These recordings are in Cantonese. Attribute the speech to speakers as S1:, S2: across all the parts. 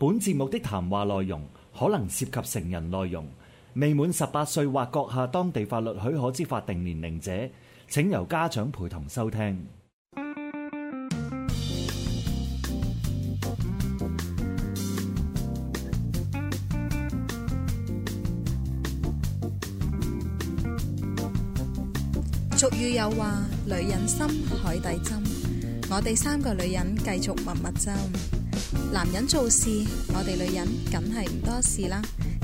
S1: 本節目的談話內容可能涉及成人內容，未滿十八歲或閣下當地法律許可之法定年齡者，請由家長陪同收聽。
S2: 俗語有話：女人心，海底針。我哋三個女人繼續密密針。男人做事，我哋女人梗係唔多事啦，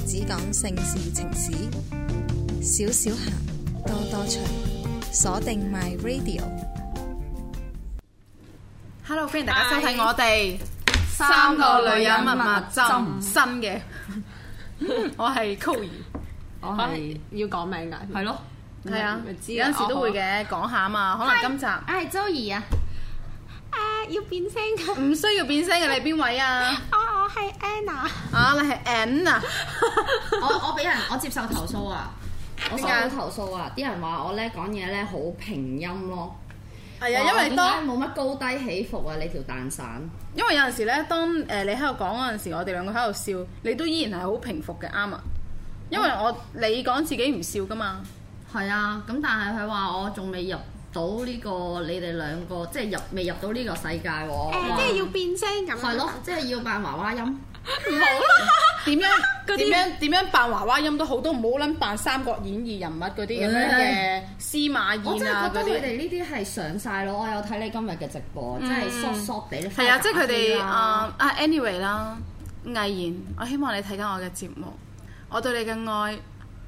S2: 只講性事情史，少少行，多多唱。鎖定 MyRadio。Hello，歡迎大家收睇我哋三個女人蜜蜜針嘅，我係溝兒，我係要講名噶係咯，係啊，有陣時都會嘅，講下啊嘛，可能今集，哎，棗兒啊。啊、要變聲嘅？唔需要變聲嘅，你係邊位啊？
S1: 我我係 Anna。啊，你係 Anna？ 我我俾人我接受投訴啊，我接受投訴啊，啲人說我說話我咧講嘢咧好平音咯。係啊、哎呀，哇因為當冇乜高低起伏啊，你條蛋散。因為有陣時咧，當誒你
S2: 喺度講嗰陣時，我哋兩個喺度笑，你都依然係好平伏嘅，啱啊。因為我、嗯、你
S1: 講自己唔笑噶嘛。係啊，咁但係佢話我仲未入到呢個你哋兩個即係入未入到呢個世界喎？即係要變聲咁。係咯，即係要扮娃娃音。唔好啦！點樣？點樣？點樣扮娃娃音都好，都唔好撚
S2: 扮《三國演義》人物嗰啲咁樣嘅司馬
S1: 懿啊嗰啲。我覺得你哋呢啲係上晒咯！我有睇你今日嘅直播，即係縮縮地啲。係啊，即係佢哋誒啊，anyway
S2: 啦，毅然，我希望你睇緊我嘅節目，我對你嘅愛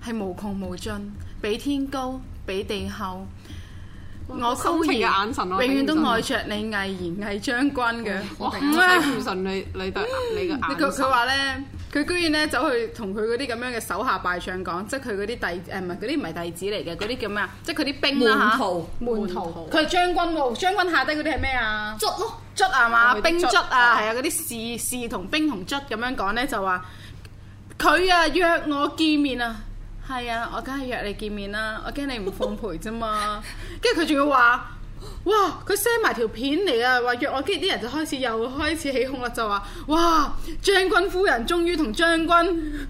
S2: 係無窮無盡，比天高，比地厚。深情嘅眼神咯，哇永遠都愛着你，哇你，你，毅然係將軍嘅。哇！眼神你女仔，你嘅眼神。佢佢話咧，佢居然咧走去同佢嗰啲咁樣嘅手下敗將講，即係佢嗰啲弟誒唔係嗰啲唔係弟子嚟嘅，嗰啲叫咩啊？即係佢啲兵啦，門徒，門徒途。佢係、啊、將軍喎，將軍下低嗰啲係咩啊？卒咯，卒啊嘛，兵卒啊，係啊，嗰啲士士同兵同卒咁樣講咧，就話佢啊約我見面啊。係啊，我梗係約你見面啦，我驚你唔奉陪咋嘛？跟住佢仲要話，哇！佢 send 埋條片嚟啊，話約我，跟住啲人就開始又開始起哄啦，就話，哇！將軍夫人終於同將軍。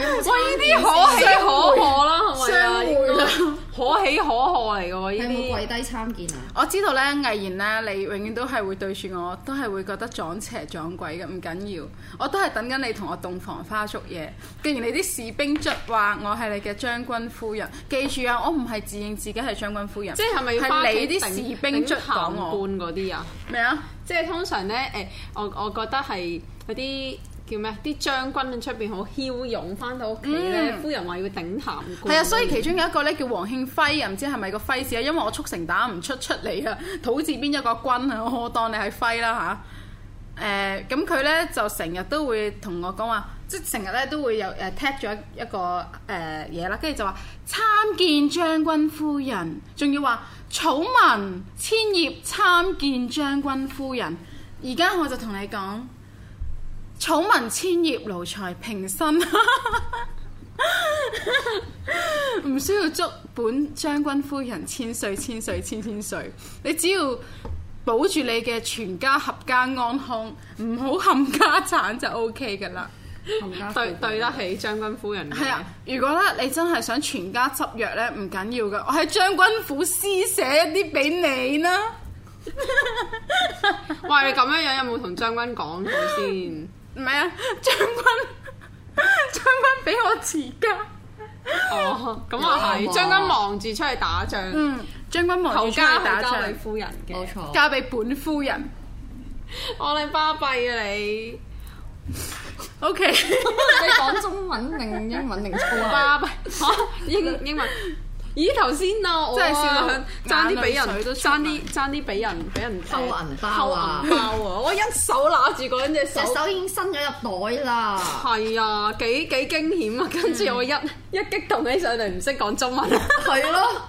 S2: 我呢啲可喜可賀啦，係咪啊？
S1: 可喜可賀嚟噶喎，呢啲 些。有冇跪低參見啊？
S2: 我知道咧，魏延咧，你永遠都係會對住我，都係會覺得撞邪撞鬼嘅。唔緊要，我都係等緊你同我洞房花燭夜。既然你啲士兵卒話我係你嘅將軍夫人，記住啊，我唔係自認自己係將軍夫人。即係係咪要？係你啲士兵卒講我？嗰啲啊？咩啊麼？即係通常咧，誒、欸，我
S3: 我覺得係嗰啲。叫咩？啲將軍喺出邊好驍勇，翻到屋企，嗯、夫人話要頂壇、嗯。係啊，所以其
S2: 中有一個咧叫黃慶輝，又唔知係咪個輝字啊，嗯、因為我速成打唔出出嚟啊。土字邊一個軍啊，我當你係輝啦吓，誒、啊，咁佢咧就成日都會同我講話，即係成日咧都會有誒 take 咗一個誒嘢啦，跟、呃、住就話參見將軍夫人，仲要話草民千葉參見將軍夫人。而家我就同你講。草民千葉，奴才平身，唔 需要祝本將軍夫人千歲千歲千千歲。你只要保住你嘅全家合家安康，唔好冚家產就 OK 噶啦。冚家
S3: 對
S2: 對得起將軍夫人。係啊，如果咧你真係想全家執藥咧，唔緊要噶，我喺將軍府施捨一啲俾你啦。 喂，你咁樣樣有冇同將軍講
S3: 過先？ 唔係啊，將軍， 將軍俾我持家。哦，咁又係，將軍忙住出去打仗。嗯，將軍忙住出去打仗。夫人嘅，冇錯，交俾本夫人。我、哦、你巴閉啊你，OK， 你講中文定英文定粗口？巴閉、 啊、英英文。咦，頭先啊，我啊，爭啲俾人爭啲爭啲俾人俾人偷、欸、銀包啊！包啊！ 我一手揦住嗰兩隻手，隻手已經
S1: 伸咗入袋啦。係啊，幾幾驚險啊！跟住我一一激動起上嚟，唔識講中文。係、嗯、 咯，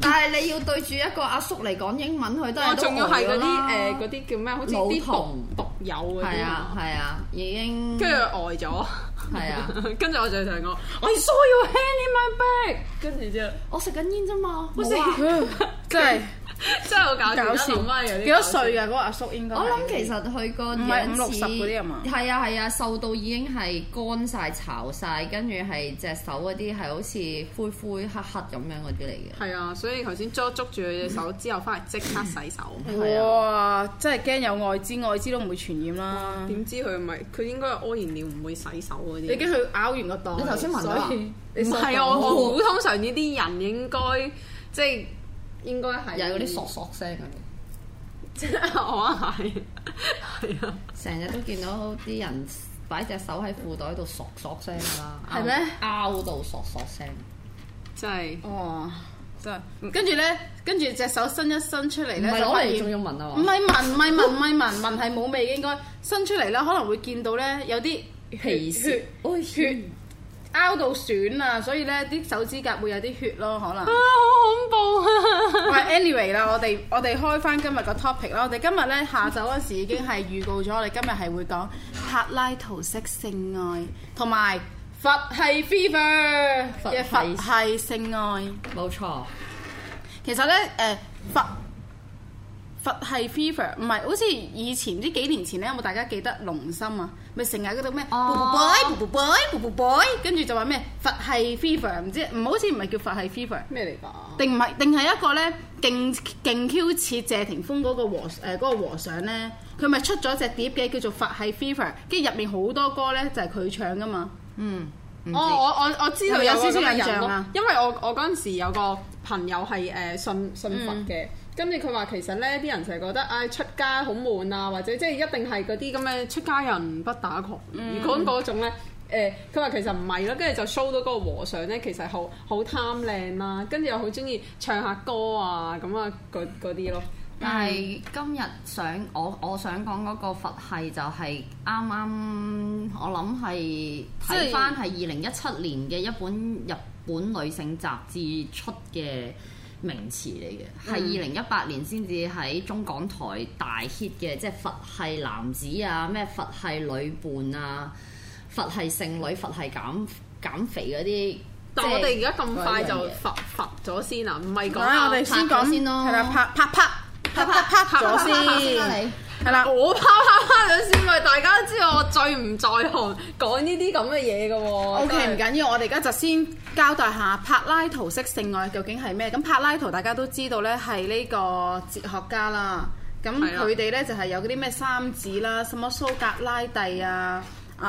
S1: 但係你要對住一個阿叔嚟講英文，佢都係。我仲要係嗰啲誒嗰啲叫咩？好似啲老同
S3: 獨有嗰啲。係啊係啊，
S1: 已經跟住
S3: 呆咗。係啊，跟住我就唱我，I saw
S1: your hand in my bag，跟住之後我食緊煙咋嘛，我食，即係。真係好搞搞笑，幾多歲啊？嗰個阿叔應該我諗，其實佢個唔係五六十嗰啲啊嘛，係啊係啊，瘦到已經係乾晒巢晒，跟住係隻手嗰啲係好似灰灰黑黑咁樣嗰啲嚟嘅。係啊，所以頭先捉捉住佢隻手之後，翻嚟即刻
S3: 洗手。
S2: 哇！真係驚有愛滋，愛滋都唔會傳染啦。點
S3: 知佢唔係，佢應該屙完尿唔會洗手嗰啲。你驚
S1: 佢
S2: 咬完個檔？
S3: 你頭先問咗啊？唔係，我我估，通常呢啲人應該即係。應該係有啲索索聲嗰啲，我係係啊！
S1: 成日都見到啲人擺隻手喺褲袋度索索聲啦，係咩？拗到索索聲，真係哇！真係、嗯、跟住咧，跟住隻手伸一伸出嚟咧，攞嚟仲要聞啊，唔係聞，唔
S2: 係聞，唔係聞，聞，聞係冇味嘅。應該伸出嚟咧，可能會見到咧有啲皮血，血。拗到損啊！所以咧啲手指甲會有啲血咯，可能。啊，好恐怖啊！喂，anyway 啦， 我哋我哋開翻今日個 topic 啦。我哋今日咧下晝嗰時已經係預告咗，我哋今日係會講柏拉圖式性愛同埋佛系 fever 嘅佛，係佛系性愛。冇錯。其實咧，誒、呃、佛。佛系 fever 唔係，好似以前唔知幾年前咧，有冇大家記得龍心啊？咪成日嗰度咩？卜卜卜卜卜卜卜卜，跟住就話咩？佛系 fever 唔知唔好似唔係叫佛系 fever 咩嚟㗎？定唔係？定係一個咧，勁勁 Q 似謝霆鋒嗰個和誒嗰、呃嗰個、和尚咧，佢咪出咗隻碟嘅叫做《佛系 fever》，跟住入面好多歌咧就係佢唱㗎嘛。嗯，哦，我我我知道有少少印象，啊，
S3: 因為我我嗰陣時有個朋友係誒信信佛嘅。嗯。跟住佢話其實呢啲人成日覺得，唉、哎、出家好悶啊，或者即係一定係嗰啲咁嘅出家人不打狂。如果嗰種咧，佢、呃、話其實唔係咯，跟住就 show 到嗰個和尚呢，其實好
S1: 好貪靚啦、啊，跟住又好中意唱下歌啊咁啊嗰啲咯。嗯、但係今日想我我想講嗰個佛系就係啱啱我諗係睇翻係二零一七年嘅一本日本女性雜誌出嘅。名詞嚟嘅，係二零一八年先至喺中港台大 hit 嘅，即係佛系男子啊，咩佛系女伴啊，佛系剩女，佛系減減肥嗰啲。但我哋而家咁快就佛佛咗先啊，唔係講啊，我哋先講先咯。係啊，
S3: 啪啪啪啪啪啪，咗先，係啦、啊，我啪啪啪咗先，因為大家都知道我最唔在行
S2: 講呢啲咁嘅嘢嘅
S3: 喎。O K，唔緊
S2: 要，我哋而家就先交代下柏拉圖式性愛究竟係咩？咁柏拉圖大家都知道咧，係呢個哲學家啦。咁佢哋咧就係有嗰啲咩三子啦，什麼蘇格拉底啊、啊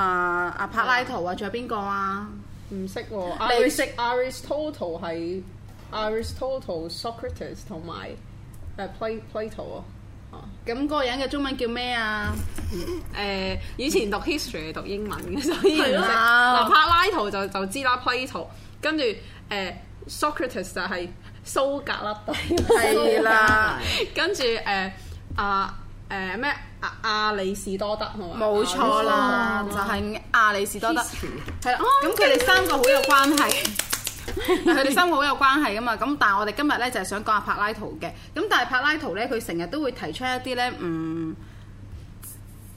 S2: 啊柏拉圖啊，仲有邊個啊？唔識喎。你識
S3: Aristotle 係 Aristotle、Socrates 同埋。飾誒 Pl Plato 喎，哦、嗯，咁、那、嗰個人嘅中文叫咩啊？誒、呃、以前讀 history 讀英文嘅，所以嗱，的柏拉圖就知、呃、就知啦 Plato，跟住誒 Socrates 就係蘇格拉底，啦， 跟住誒阿誒咩阿阿里士多德，冇錯啦，就係
S2: 阿里士多德，係啦、哦，咁佢哋三個好有關係。佢哋生活好有關係噶嘛？咁但係我哋今日呢，就係想講下柏拉圖嘅。咁但係柏拉圖呢，佢成日都會提出一啲呢，嗯，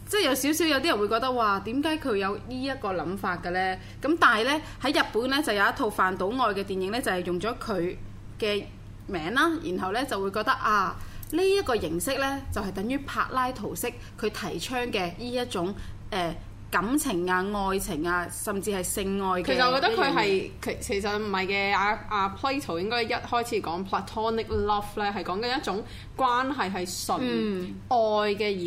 S2: 即係有少少有啲人會覺得哇，點解佢有呢一個諗法嘅呢？咁但係呢，喺日本呢，就有一套飯島愛嘅電影呢，就係用咗佢嘅名啦，然後呢，就會覺得啊，呢一個形式呢，就係等於柏拉圖式佢提倡嘅呢一種誒。呃感情啊、愛情啊，甚至係性愛，其實我覺得佢係其其實唔係
S3: 嘅，阿、啊、阿、啊、Plato 應該一開始講 platonic love 咧，係講緊一種關係係純、嗯、愛嘅，而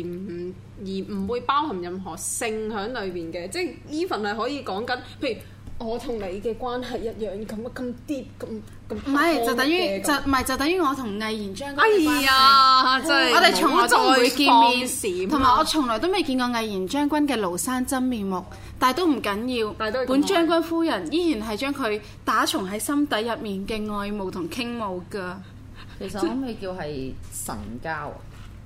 S3: 唔而唔會包含任何性喺裏邊嘅，即 even 係可以講緊，譬如。我同你嘅關係一樣咁咁
S2: deep，咁咁。唔係就等於就唔係就等於我同魏延將軍。哎呀，哎呀真係是我哋從來都唔會見面會閃,閃、啊。同埋我從來都未見過魏延將軍嘅廬山真面目，但係都唔緊要。是是本將軍夫人依然係將佢打從喺心底入面嘅愛慕同傾慕㗎。其實可唔
S1: 可以叫係神交？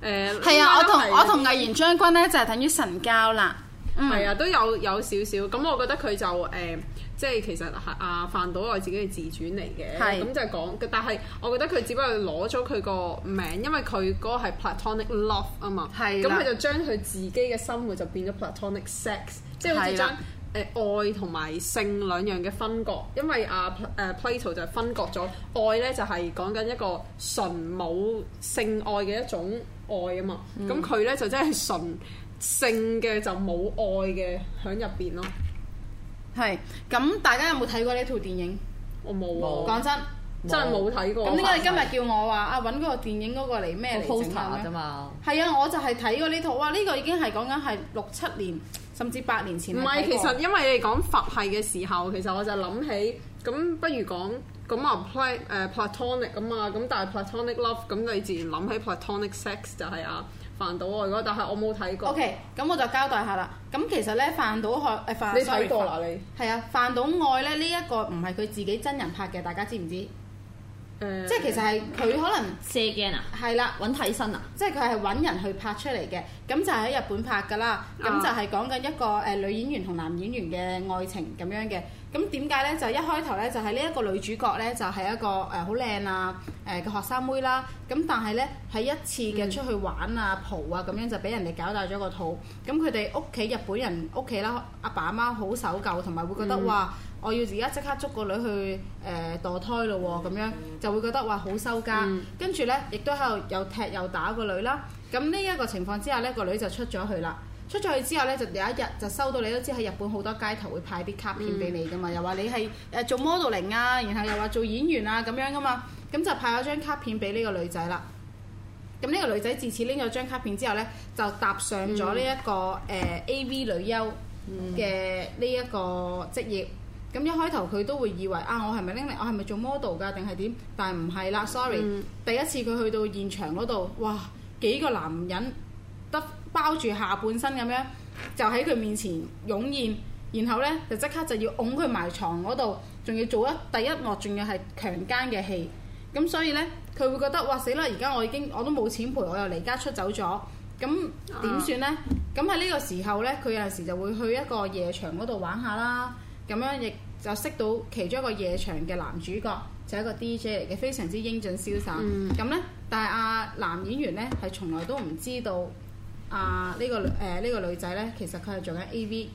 S1: 誒係啊，我同我同魏
S2: 延將軍咧就係、是、等於神交啦。係、嗯、啊，
S3: 都有有少少咁，嗯嗯、我覺得佢就誒、呃，即係其實係阿、啊、范島愛自己嘅自傳嚟嘅，咁是的 就係講。但係我覺得佢只不過攞咗佢個名，因為佢嗰個係 platonic love 啊嘛，咁佢就將佢自己嘅生活就變咗 platonic sex，即係好似將誒愛同埋性兩樣嘅分割。因為阿、啊、誒、啊啊、Plato 就分割咗愛咧，就係、是、講緊一個純冇性愛嘅一種愛啊嘛。咁佢咧就真係純。性嘅就冇愛嘅
S2: 喺入邊咯，係，咁大家有冇睇過呢套電影？我冇沒喎，講有真真係冇睇過。咁點解你今日叫我話啊揾嗰個電影嗰個嚟咩嚟整
S3: 嘅啫
S1: 嘛？
S2: 係吧啊，我就係睇過呢套啊，呢、這個已經係講緊係六七年甚至八年前。
S1: 唔係，其實因
S3: 為你講佛系嘅時候，其實我就諗起咁，不如講咁啊 Plat 誒 Platonic 啊嘛，咁但係 Platonic Love，咁你自然諗起 Platonic
S2: Sex 就係啊。飯島愛，但係我冇睇過。O K，咁我就交代下啦。咁其實咧，飯島愛，飯島愛，你睇過啦？你係啊，飯島愛咧呢一個唔係佢自己真人拍嘅，大家知唔知？嗯、即係其實係佢可能借鏡、嗯、了啊，係啦，揾替身啊，即係佢係揾人去拍出嚟嘅，咁就喺日本拍㗎啦，咁、哦、就係講緊一個誒女演員同男演員嘅愛情咁樣嘅，咁點解咧？就一開頭咧，就係呢一個女主角咧，就係一個誒好靚啊誒嘅學生妹啦，咁但係咧喺一次嘅出去玩、嗯、啊蒲啊咁樣就俾人哋搞大咗個肚，咁佢哋屋企日本人屋企啦，阿爸阿媽好守舊同埋會覺得哇。嗯我要而家即刻捉個女去誒墮胎咯喎，咁、嗯、樣就會覺得話好收家，跟住、嗯、呢，亦都喺度又踢又打個女啦。咁呢一個情況之下呢個女就出咗去啦。出咗去之後呢，就有一日就收到你都知喺日本好多街頭會派啲卡片俾你噶嘛，嗯、又話你係誒做 modeling 啊，然後又話做演員啊咁樣噶嘛，咁就派咗張卡片俾呢個女仔啦。咁呢個女仔自此拎咗張卡片之後呢，就踏上咗呢一個誒 A.V. 女優嘅呢一個職業。嗯嗯嗯。咁一開頭佢都會以為啊，我係咪拎嚟？我係咪做 model 㗎？定係點？但係唔係啦，sorry、嗯。第一次佢去到現場嗰度，哇幾個男人得包住下半身咁樣，就喺佢面前湧現，然後呢，就即刻就要拱佢埋床嗰度，仲要做一第一幕，仲要係強姦嘅戲。咁所以呢，佢會覺得哇死啦！而家我已經我都冇錢賠，我又離家出走咗，咁點算呢？咁喺呢個時候呢，佢有陣時就會去一個夜場嗰度玩下啦。咁樣亦就識到其中一個夜場嘅男主角，就是、一個 DJ 嚟嘅，非常之英俊瀟灑。咁、嗯、呢，但係阿、啊、男演員呢，係從來都唔知道阿、啊、呢、這個誒呢、呃這個女仔呢，其實佢係做緊 A.V.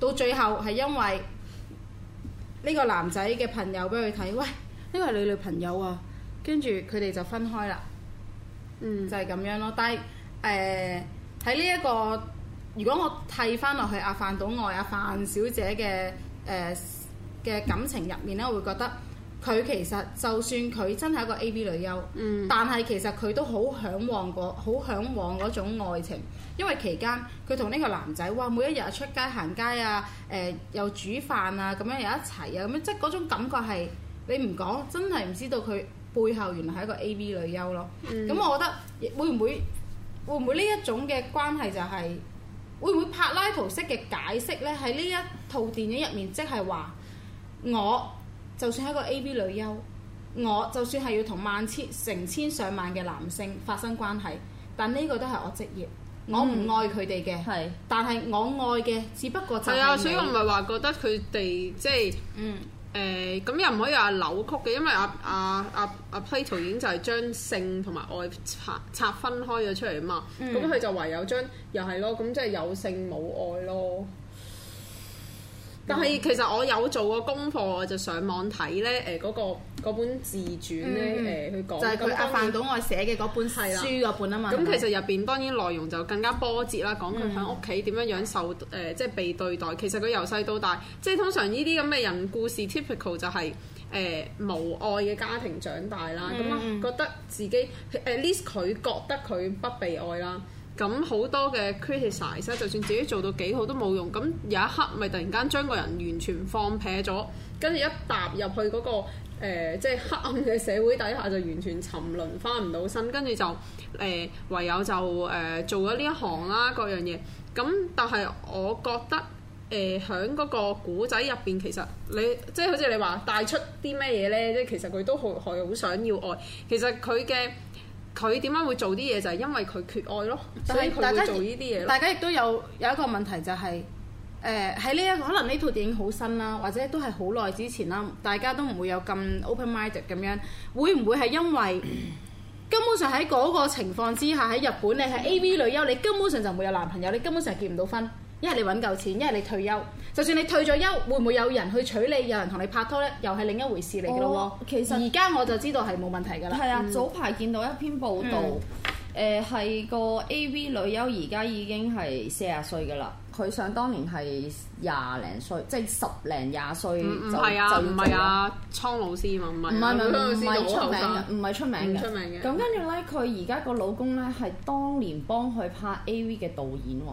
S2: 到最後係因為呢個男仔嘅朋友俾佢睇，喂呢、這個係女女朋友啊，跟住佢哋就分開啦，嗯、就係咁樣咯。但係誒喺呢一個，如果我睇翻落去阿、啊、飯島愛，阿、啊、飯小姐嘅。誒嘅、呃、感情入面咧，我會覺得佢其實就算佢真係一個 AV 女優，嗯、但係其實佢都好嚮往嗰好嚮往嗰種愛情，因為期間佢同呢個男仔哇，每一日出街行街啊，誒、呃、又煮飯啊，咁樣又一齊啊，咁樣即係嗰種感覺係你唔講，真係唔知道佢背後原來係一個 AV 女優咯。咁、嗯、我覺得會唔會會唔會呢一種嘅關係就係、是？會唔會柏拉圖式嘅解釋呢？喺呢一套電影入面，即係話我就算係個 AV 女優，我就算係要同萬千成千上萬嘅男性發生關係，但呢個都係我職業，我唔愛佢哋嘅，嗯、但係我愛嘅只不過就係。啊，所以我唔係話
S3: 覺得佢哋即係。就是、嗯。誒咁、欸、又唔可以話扭曲嘅，因為阿阿阿阿 Plato 已經就係將性同埋愛拆拆分開咗出嚟啊嘛，咁佢、嗯、就唯有將又係咯，咁即係有性冇愛咯。但係其實我有做過功課，我就上網睇咧誒嗰
S2: 個嗰本自
S3: 傳咧誒，佢、嗯呃、講就係是佢年阿飯島愛
S2: 寫嘅嗰本書嗰本啊嘛。咁、嗯、其實
S3: 入邊當然內容就更加波折啦，講佢喺屋企點樣樣受誒、呃、即係被對待。其實佢由細到大，即係通常呢啲咁嘅人故事 typical 就係、是、誒、呃、無愛嘅家庭長大啦。咁啊、嗯嗯、覺得自己 at least 佢覺得佢不被愛啦。咁好多嘅 criticize，就算自己做到幾好都冇用。咁有一刻，咪突然間將個人完全放撇咗，跟住一踏入去嗰個誒，即係黑暗嘅社會底下，就完全沉淪翻唔到身，跟住就誒唯有就誒做咗呢一行啦，各樣嘢。咁但係我覺得誒響嗰個古仔入邊其實你即係好似你話帶出啲咩嘢咧，即係其實佢都好，好想要愛，其實佢嘅。佢點解會做啲嘢就係、是、
S2: 因為佢缺愛咯，所以佢會做依啲嘢。大家亦都有有一個問題就係、是，誒喺呢一個可能呢套電影好新啦，或者都係好耐之前啦，大家都唔會有咁 open minded 咁樣，會唔會係因為根本上喺嗰個情況之下喺日本你係 AV 女優，你根本上就冇有男朋友，你根本上結唔到婚？一係你揾夠錢，一係你退休。就算你退咗休，會唔會有人去娶你？有人同你拍拖咧，又係另一回事嚟嘅咯喎。
S1: 其實而家我就知道係冇問題㗎啦。係、嗯、啊，早排見到一篇報道，誒係、嗯呃、個 AV 女優，而家已經係四十歲嘅啦。佢想當年係廿零歲，即係十零廿歲就、嗯、啊，就唔係啊。蒼老師嘛？唔係唔係唔係出名嘅，唔係出名嘅。咁跟住咧，佢而家個老公咧係當年幫佢拍 AV 嘅導演喎。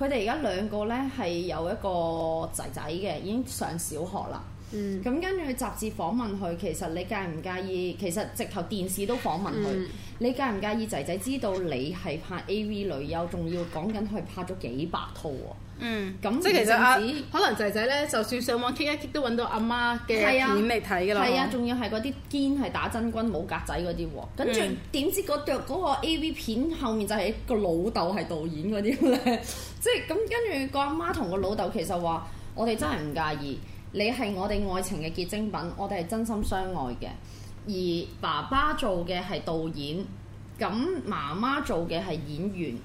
S1: 佢哋而家兩個呢係有一個仔仔嘅，已經上小學啦。嗯，咁跟住雜誌訪問佢，其實你介唔介意？其實直頭電視都訪問佢，嗯、你介唔介意仔仔知道你係拍 A V 女優，仲要講緊佢拍咗幾百套
S2: 喎？
S1: 嗯，咁即係其實可能仔仔咧，就算上網 kick 一 kick 都揾到阿媽嘅片嚟睇㗎啦。係啊，仲要係嗰啲堅係打真軍冇格仔嗰啲喎。跟住點知嗰對個 A V 片後面就係個老豆係導演嗰啲咧。 即係咁跟住個阿媽同個老豆其實話：我哋真係唔介意。嗯你係我哋愛情嘅結晶品，我哋係真心相愛嘅。而爸爸做嘅係導演，咁媽媽做嘅係演員，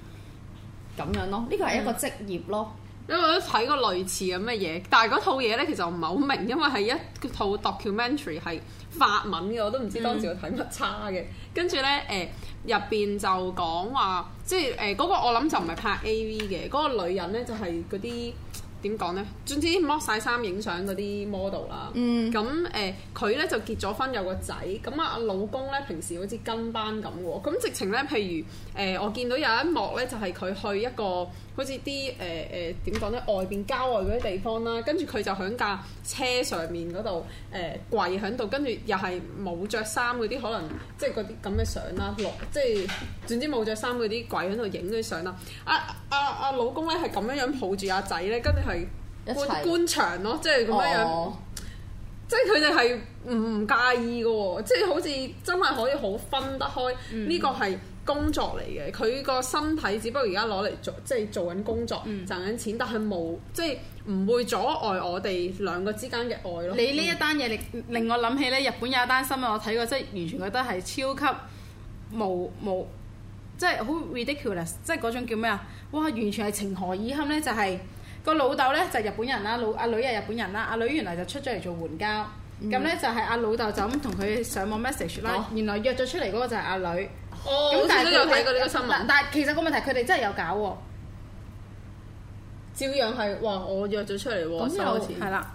S1: 咁樣咯。呢個係一個職業咯。因為我都睇過
S3: 類似咁嘅嘢，但係嗰套嘢呢，其實唔係好明，因為係一套 documentary 係法文嘅，我都唔知當時我睇乜叉嘅。嗯、跟住呢，誒入邊就講話，即係誒嗰個我諗就唔係拍 AV 嘅，嗰、嗰個女人呢，就係嗰啲。點講呢？總之剝晒衫影相嗰啲 model 啦，嗯，咁誒佢呢就結咗婚有個仔，咁啊老公呢平時好似跟班咁喎，咁直情呢，譬如誒、呃、我見到有一幕呢，就係、是、佢去一個。好似啲誒誒點講咧，外邊郊外嗰啲地方啦，跟住佢就喺架車上面嗰度誒跪喺度，跟住又係冇着衫嗰啲，可能即係嗰啲咁嘅相啦，落即係總之冇着衫嗰啲跪喺度影嗰啲相啦。阿阿阿老公咧係咁樣樣抱住阿仔咧，跟住係官官場咯，即係咁樣樣、oh.，即係佢哋係唔介意㗎喎，即係好似真係可以好分得開呢、mm. 個係。工作嚟嘅，佢個身體只不過而家攞嚟做，即係做緊工作，賺緊錢，但係冇即係
S2: 唔會阻礙我哋兩個之間嘅愛咯。你呢一單嘢令令我諗起咧，日本有一單新聞，我睇過，即係完全覺得係超級無無即係好 ridiculous，即係嗰種叫咩啊？哇！完全係情何以堪咧，就係、係、個老豆咧就係日本人啦，老阿女係日本人啦，阿女原來就出咗嚟做援交咁咧，就係阿老豆就咁同佢上網 message 啦，哦、原來約咗出嚟嗰個就係阿女。哦，咁但係嗰個，新聞，但係其實個問題，佢哋真係有搞喎，照樣係話我約咗出嚟喎，係啦，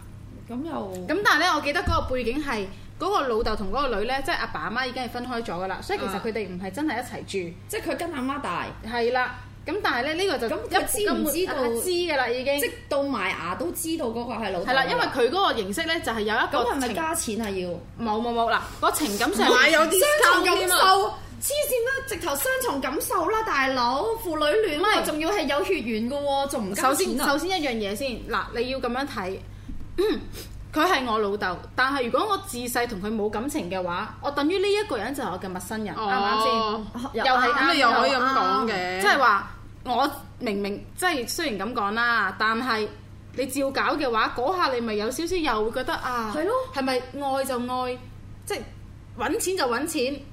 S1: 咁又咁，
S2: 但係咧，我記得嗰個背景係嗰個老豆同嗰個女咧，即係阿爸阿媽已經係分開咗噶啦，所以其實佢哋唔係真係一齊住，即係佢跟阿媽
S1: 大係啦。咁但係咧，呢個就咁佢知唔知道？知噶啦，已經即到埋牙都知道嗰個係老豆。係啦，因為佢嗰個形式咧就係有一個，嗰個係咪加錢啊？要冇冇冇嗱，個情感上買有啲黐線啦！直頭雙重感受啦，大佬父女戀喎，仲是要係有血緣嘅喎，仲唔夠錢首先，啊、首先一樣嘢先
S2: 嗱，你要咁樣睇，佢係我老豆，但係如果我自細同佢冇感情嘅話，我等於呢一個人就係我嘅陌生人，啱唔啱先？吧又係啱，你又可以咁講嘅，即係話我明明即係雖然咁講啦，但係你照搞嘅話，嗰下你咪有少少又會覺得啊，係咯，係咪愛就愛，即係揾錢就揾錢。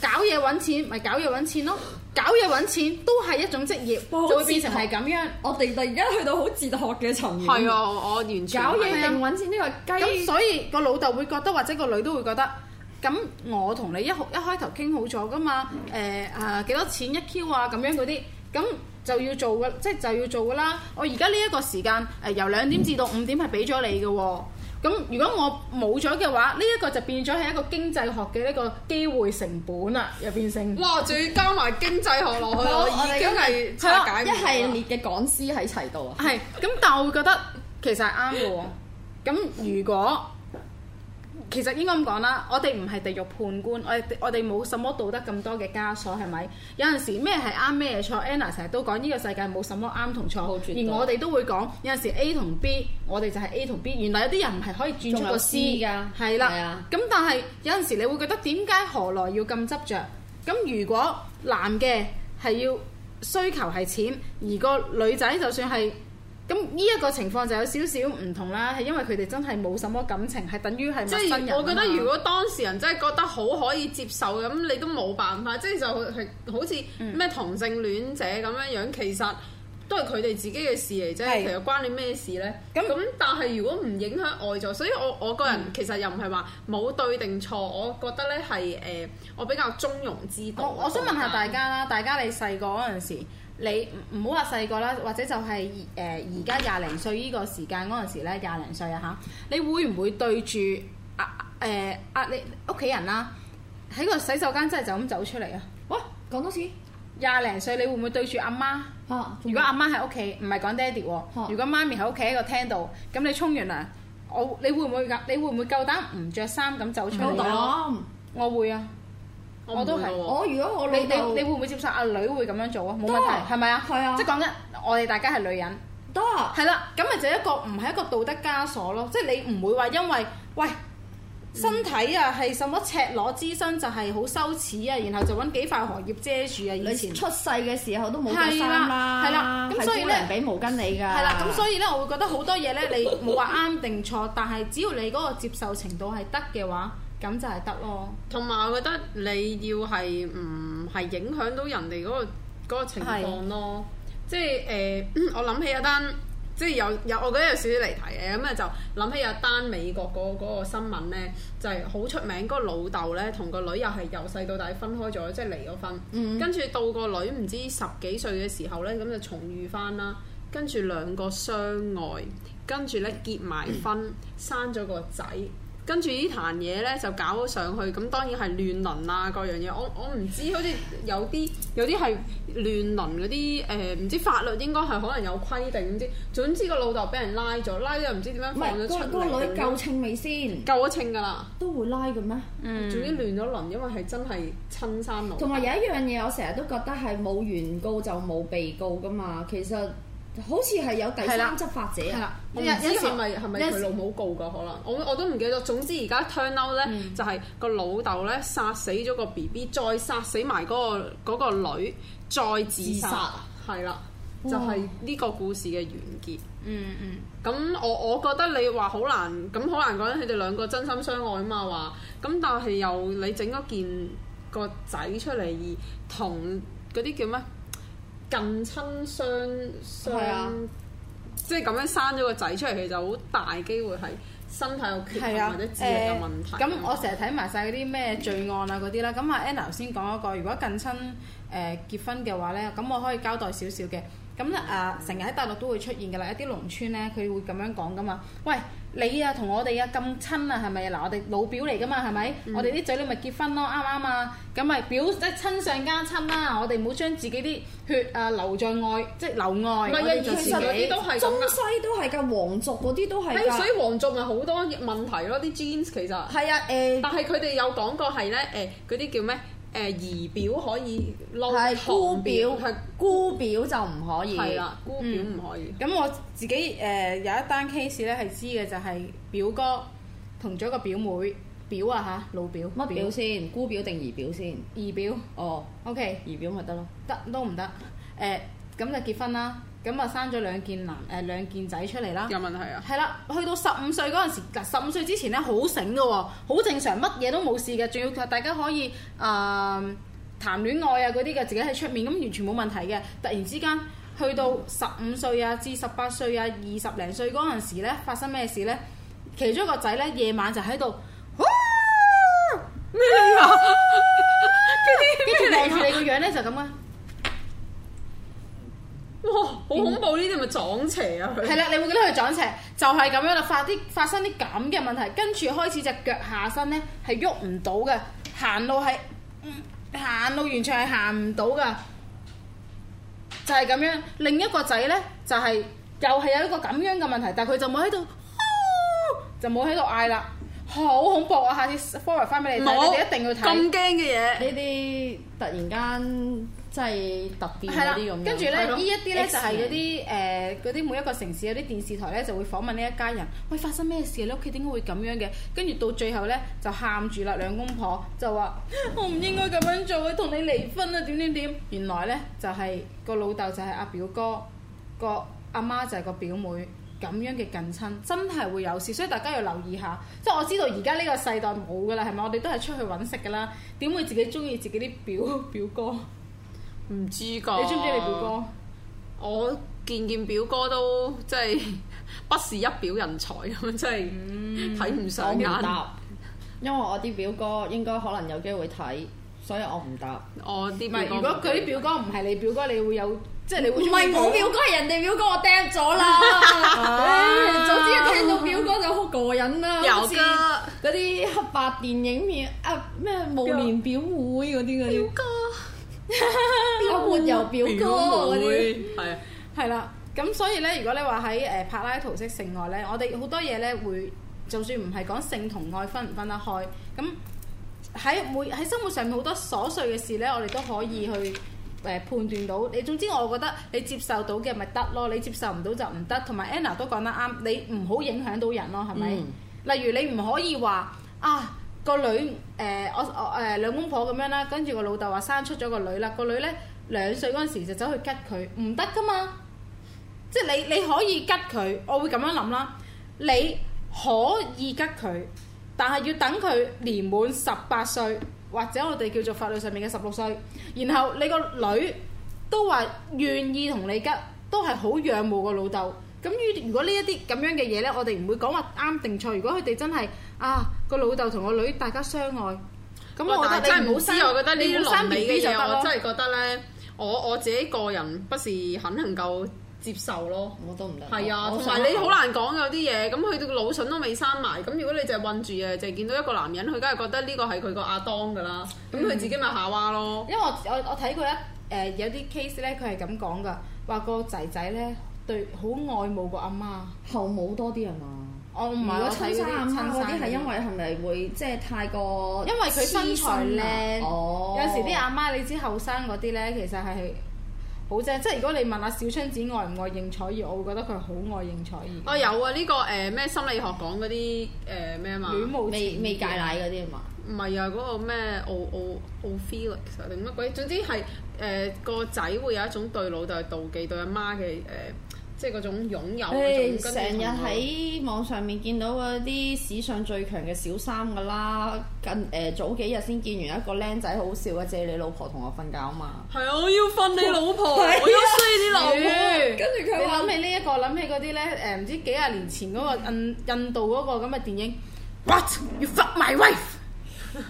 S2: 搞嘢揾錢咪搞嘢揾錢咯，搞嘢
S1: 揾錢都係一種職業，就會變成係咁樣。我哋突然間去到好哲學嘅層面。係、啊、我完全、啊、搞嘢定
S2: 揾錢呢、呢個雞。咁、嗯、所以個老豆會覺得，或者個女都會覺得，咁我同你一開一開頭傾好咗噶嘛？誒、呃、啊幾多錢一 Q 啊咁樣嗰啲，咁就要做嘅，即、就、係、是、就要做嘅啦。我而家呢一個時間誒、呃、由兩點至到五點係俾咗你嘅喎。咁如果我冇咗嘅話，呢一個就變咗係一個經濟學嘅一個機會成本啦，又變成。哇！仲要加埋經濟學落去，我 已經係一系列
S1: 嘅講師喺齊
S2: 度啊。係， 咁但係我會覺得其實係啱嘅喎。咁 如果其實應該咁講啦，我哋唔係地獄判官，我哋我哋冇什麼道德咁多嘅枷鎖，係咪？有陣時咩係啱，咩係錯？Anna 成日都講呢個世界冇什麼啱同錯，對而我哋都會講有陣時 A 同 B，我哋就係 A 同 B。原來有啲人唔係可以轉出個 C，噶，係啦。咁但係有陣時你會覺得點解何來要咁執着？咁如果男嘅係要需求係錢，而個女仔就算係。咁呢一個情況就有少少唔同啦，係因為佢哋真係冇什麼感情，係等於係陌生人。即係我覺得，如果
S3: 當事人真係覺得好可以接受，咁你都冇辦法，即係就係、是、好似咩同性戀者咁樣樣，其實都係佢哋自己嘅事嚟啫，是其實關你咩事呢？咁咁那，但係如果唔影響外在，所以我我個人、嗯、其實又唔係話冇對定
S2: 錯，我覺得呢係誒，我比較中庸之道。我我想問下大家啦，大家你細個嗰陣時。你唔好話細個啦，或者就係誒而家廿零歲依個時間嗰陣時咧，廿零歲啊吓，你會唔會對住阿誒阿你屋企人啦、啊？喺個洗手間真係就咁走出嚟啊！喂，講多次，廿零歲你會唔會對住阿媽，媽？如果阿媽喺屋企，唔係講爹哋喎。如果媽咪喺屋企喺個廳度，咁你沖完涼，我你會唔會㗎？你會唔會夠膽唔着衫咁走出嚟、啊啊、我會啊！
S1: 我都係，我、哦、如果我女你你你
S2: 會唔會接受阿、啊、女會咁樣做啊？冇問題，係咪啊？係吧啊！即講緊我哋大家係女人，得係啦。咁咪、啊、就一個唔係一個道德枷鎖咯。即你唔會話因為喂身體啊係什麼赤裸之身就係、是、好羞恥啊，然後就揾幾塊荷葉遮住啊。以前出世嘅時候都
S1: 冇咁羞恥嘛。係啦、啊，咁、啊、所以咧人俾毛巾你㗎。係啦、啊，咁所
S2: 以咧，我會覺得好多嘢咧，你冇話啱定錯， 但係只要你嗰個接受程度係得嘅話。咁就係得咯。
S3: 同埋我覺得你要係唔係影響到人哋嗰個嗰個情況咯。是即係誒、呃，我諗起一單，即係有有，我覺得有少少離題嘅咁啊，就諗起有單美國嗰個嗰個新聞咧，就係好出名。嗰個老豆咧同個女又係由細到大分開咗，即係離咗婚。嗯。跟住到個女唔知十幾歲嘅時候咧，咁就重遇翻啦。跟住兩個相愛，跟住咧結埋婚，生咗個仔。跟住呢壇嘢咧就搞咗上去，咁當然係亂倫啊，各樣嘢。我我唔知，好似有啲有啲係亂倫嗰啲誒，唔、呃、知法律應該係可能有規定，唔知。總之個老豆俾人拉
S1: 咗，拉咗唔知點樣放咗出嚟。嗰個、嗰個女夠稱
S3: 未先？夠咗稱㗎啦。都會拉㗎咩？嗯、總之亂咗倫，因為係真係親生女。同埋有，有一
S1: 樣嘢，我成日都覺得係冇原告就冇被告㗎嘛，其實。好似係有第三執法者係啦，我唔知係咪係咪佢老母
S3: 告噶？可能我我都唔記得。總之而家 turn out 咧，嗯、就係個老豆咧殺死咗個 B B，再殺死埋、嗰、嗰、個嗰個女，再自殺。係啦，就係呢個故事嘅完結。嗯嗯。咁、嗯、我我覺得你話好難，咁好難講佢哋兩個真心相愛嘛？話咁，但係又你整嗰件個仔出嚟，而同嗰啲叫咩？近親相相， 即係咁樣生咗個仔出嚟，
S2: 其實好大機會係身體有
S3: 缺陷或者智力嘅問題。咁我成日睇
S2: 埋晒嗰啲咩罪案啊嗰啲啦。咁阿 Anna 頭先講嗰個，如果近親誒、呃、結婚嘅話咧，咁我可以交代少少嘅。咁咧啊，成日喺大陸都會出現嘅啦，一啲農村咧，佢會咁樣講噶嘛。喂，你啊同我哋啊咁親啊，係咪嗱，我哋老表嚟噶嘛，係咪、嗯啊？我哋啲仔女咪結婚咯，啱啱啊？咁咪表即係親上加親啦。我哋唔好將自己啲血啊流在外，即係流外。嗰一以前嗰啲都係中西
S1: 都係㗎，皇族嗰啲都係㗎。所以
S3: 皇族咪好多問題咯，啲 genes 其實。係啊，誒、呃。但係佢哋有講過係咧，誒嗰啲叫咩？誒姨表可以，
S1: 係姑表，係姑表就唔可以。係啦，姑表唔可
S3: 以。
S2: 咁、嗯、我自己誒、呃、有一單 case 咧係知嘅，就係表哥同咗個表妹表啊吓，老表，乜表先？姑表定姨表先？姨表。哦，OK。姨表咪得咯。得都唔得？誒、呃，咁就結婚啦。咁啊，生咗兩件男誒、呃、兩件仔出嚟啦！有問題啊？係啦，去到十五歲嗰陣時，嗱十五歲之前咧好醒嘅喎，好正常，乜嘢都冇事嘅，仲要大家可以啊、呃、談戀愛啊嗰啲嘅，自己喺出面咁完全冇問題嘅。突然之間去到十五歲啊，至十八歲啊，二十零歲嗰陣時咧，發生咩事咧？其中一個仔咧夜晚就喺度跟住望住你個樣咧就咁啊！啊哇！好恐
S3: 怖呢啲咪撞邪啊！佢係啦，你會覺得佢撞
S2: 邪，就係咁樣啦。發啲發生啲咁嘅問題，跟住開始隻腳下身咧係喐唔到嘅，行路係行路完全係行唔到噶，就係咁樣。另一個仔咧就係又係有一個咁樣嘅問題，但係佢就冇喺度，就冇喺度嗌啦。好恐怖啊！下次 forward 翻俾你，但係好你哋一定要睇咁驚嘅嘢。呢
S1: 啲突
S2: 然間。即係特
S1: 別嗰啲咁樣，跟住、嗯、呢，呢一啲呢，X 就係嗰啲
S2: 誒嗰啲每一個城市有啲電視台呢，就會訪問呢一家人，喂，發生咩事，你屋企點解會咁樣嘅？跟住到最後呢，就喊住啦，兩公婆就話、嗯、我唔應該咁樣做，會同你離婚啊點點點。原來呢，就係、是、個老豆就係阿表哥，個阿媽就係個表妹，咁樣嘅近親真係會有事，所以大家要留意下。即係我知道而家呢個世代冇噶啦，係咪？我哋都係出去揾食噶啦，點會自己中意自己啲表表哥？唔知噶，你知唔知你表哥？我見見表哥都即係不
S3: 是一表人才咁，真係睇唔上眼。唔答，
S1: 因為我啲表哥應該可能有機會睇，所以我唔答。我啲表哥唔係，如果佢啲表哥唔係你表哥，你會有即係你會唔係我表哥係人哋表哥，我 dead 咗啦。唉，總之一聽到表哥就好過癮啦，好似嗰啲黑白電影面，啊咩無面表妹嗰啲表哥。表妹又
S2: 表哥嗰啲，係啊，係啦。咁所以咧，如果你話喺誒柏拉圖式性愛咧，我哋好多嘢咧會，就算唔係講性同愛分唔分得開，咁喺每喺生活上面好多瑣碎嘅事咧，我哋都可以去誒判斷到。你總之我覺得你接受到嘅咪得咯，你接受唔到就唔得。同埋 Anna 都講得啱，你唔好影響到人咯，係咪？例如你唔可以話啊。個女，誒我我誒兩公婆咁樣啦，跟住個老豆話生出咗個女啦，個女呢兩歲嗰陣時就走去拮佢，唔得㗎嘛！即係你你可以拮佢，我會咁樣諗啦，你可以拮佢，但係要等佢年滿十八歲或者我哋叫做法律上面嘅十六歲，然後你個女都話願意同你拮，都係好仰慕個老豆。咁如果呢一啲咁樣嘅嘢呢，我哋唔會講話啱定錯。如果佢哋真係，啊！個老豆同個女大家相愛，
S3: 咁我覺得真係唔好知。我覺得呢啲倫理嘅嘢，我真係覺得咧，我我自己個人不是很能夠接受咯。我都唔得。係啊，同埋有你好難講有啲嘢。咁佢個腦筍都未生埋。咁如果你就係韞住啊，就係見到一個男人，佢梗係覺得呢個
S2: 係佢個阿當噶啦。咁佢自己咪夏娃咯、嗯。因為我我我睇過一誒、呃、有啲 case 咧，佢係咁講噶，話個仔仔咧對好愛慕個阿媽，
S1: 後母多啲啊嘛。哦、我唔係我睇嗰啲。親生阿媽嗰啲係因為係咪會即
S2: 係太過？因為佢身材靚，哦，有時啲阿媽你知後生嗰啲咧，其實係好正。即係如果你問阿小春子愛唔愛應采兒，我會覺得佢好愛應采兒。哦，有
S3: 啊，呢、這個誒咩、呃、心理學講嗰啲誒咩啊嘛？未未戒奶嗰啲係嘛？唔係啊，嗰、那個咩奧奧奧 Felix。定、哦、乜、哦哦、鬼？總之係誒、呃、個仔會有一種對老豆、就是、妒忌對阿媽嘅誒。呃即係嗰種擁有成日喺
S1: 網上面見到嗰啲史上最強嘅小三㗎啦，近誒、呃、早幾日先見完一個靚仔，好笑啊，借你老婆同我瞓覺啊嘛，
S3: 係啊，我要瞓你老
S1: 婆， 我要睡你老婆，跟住佢，對你諗起呢、這、一個，諗起嗰啲咧誒，唔、呃、知幾廿年前嗰個印印度嗰個咁嘅電影，What、嗯、you fuck my wife？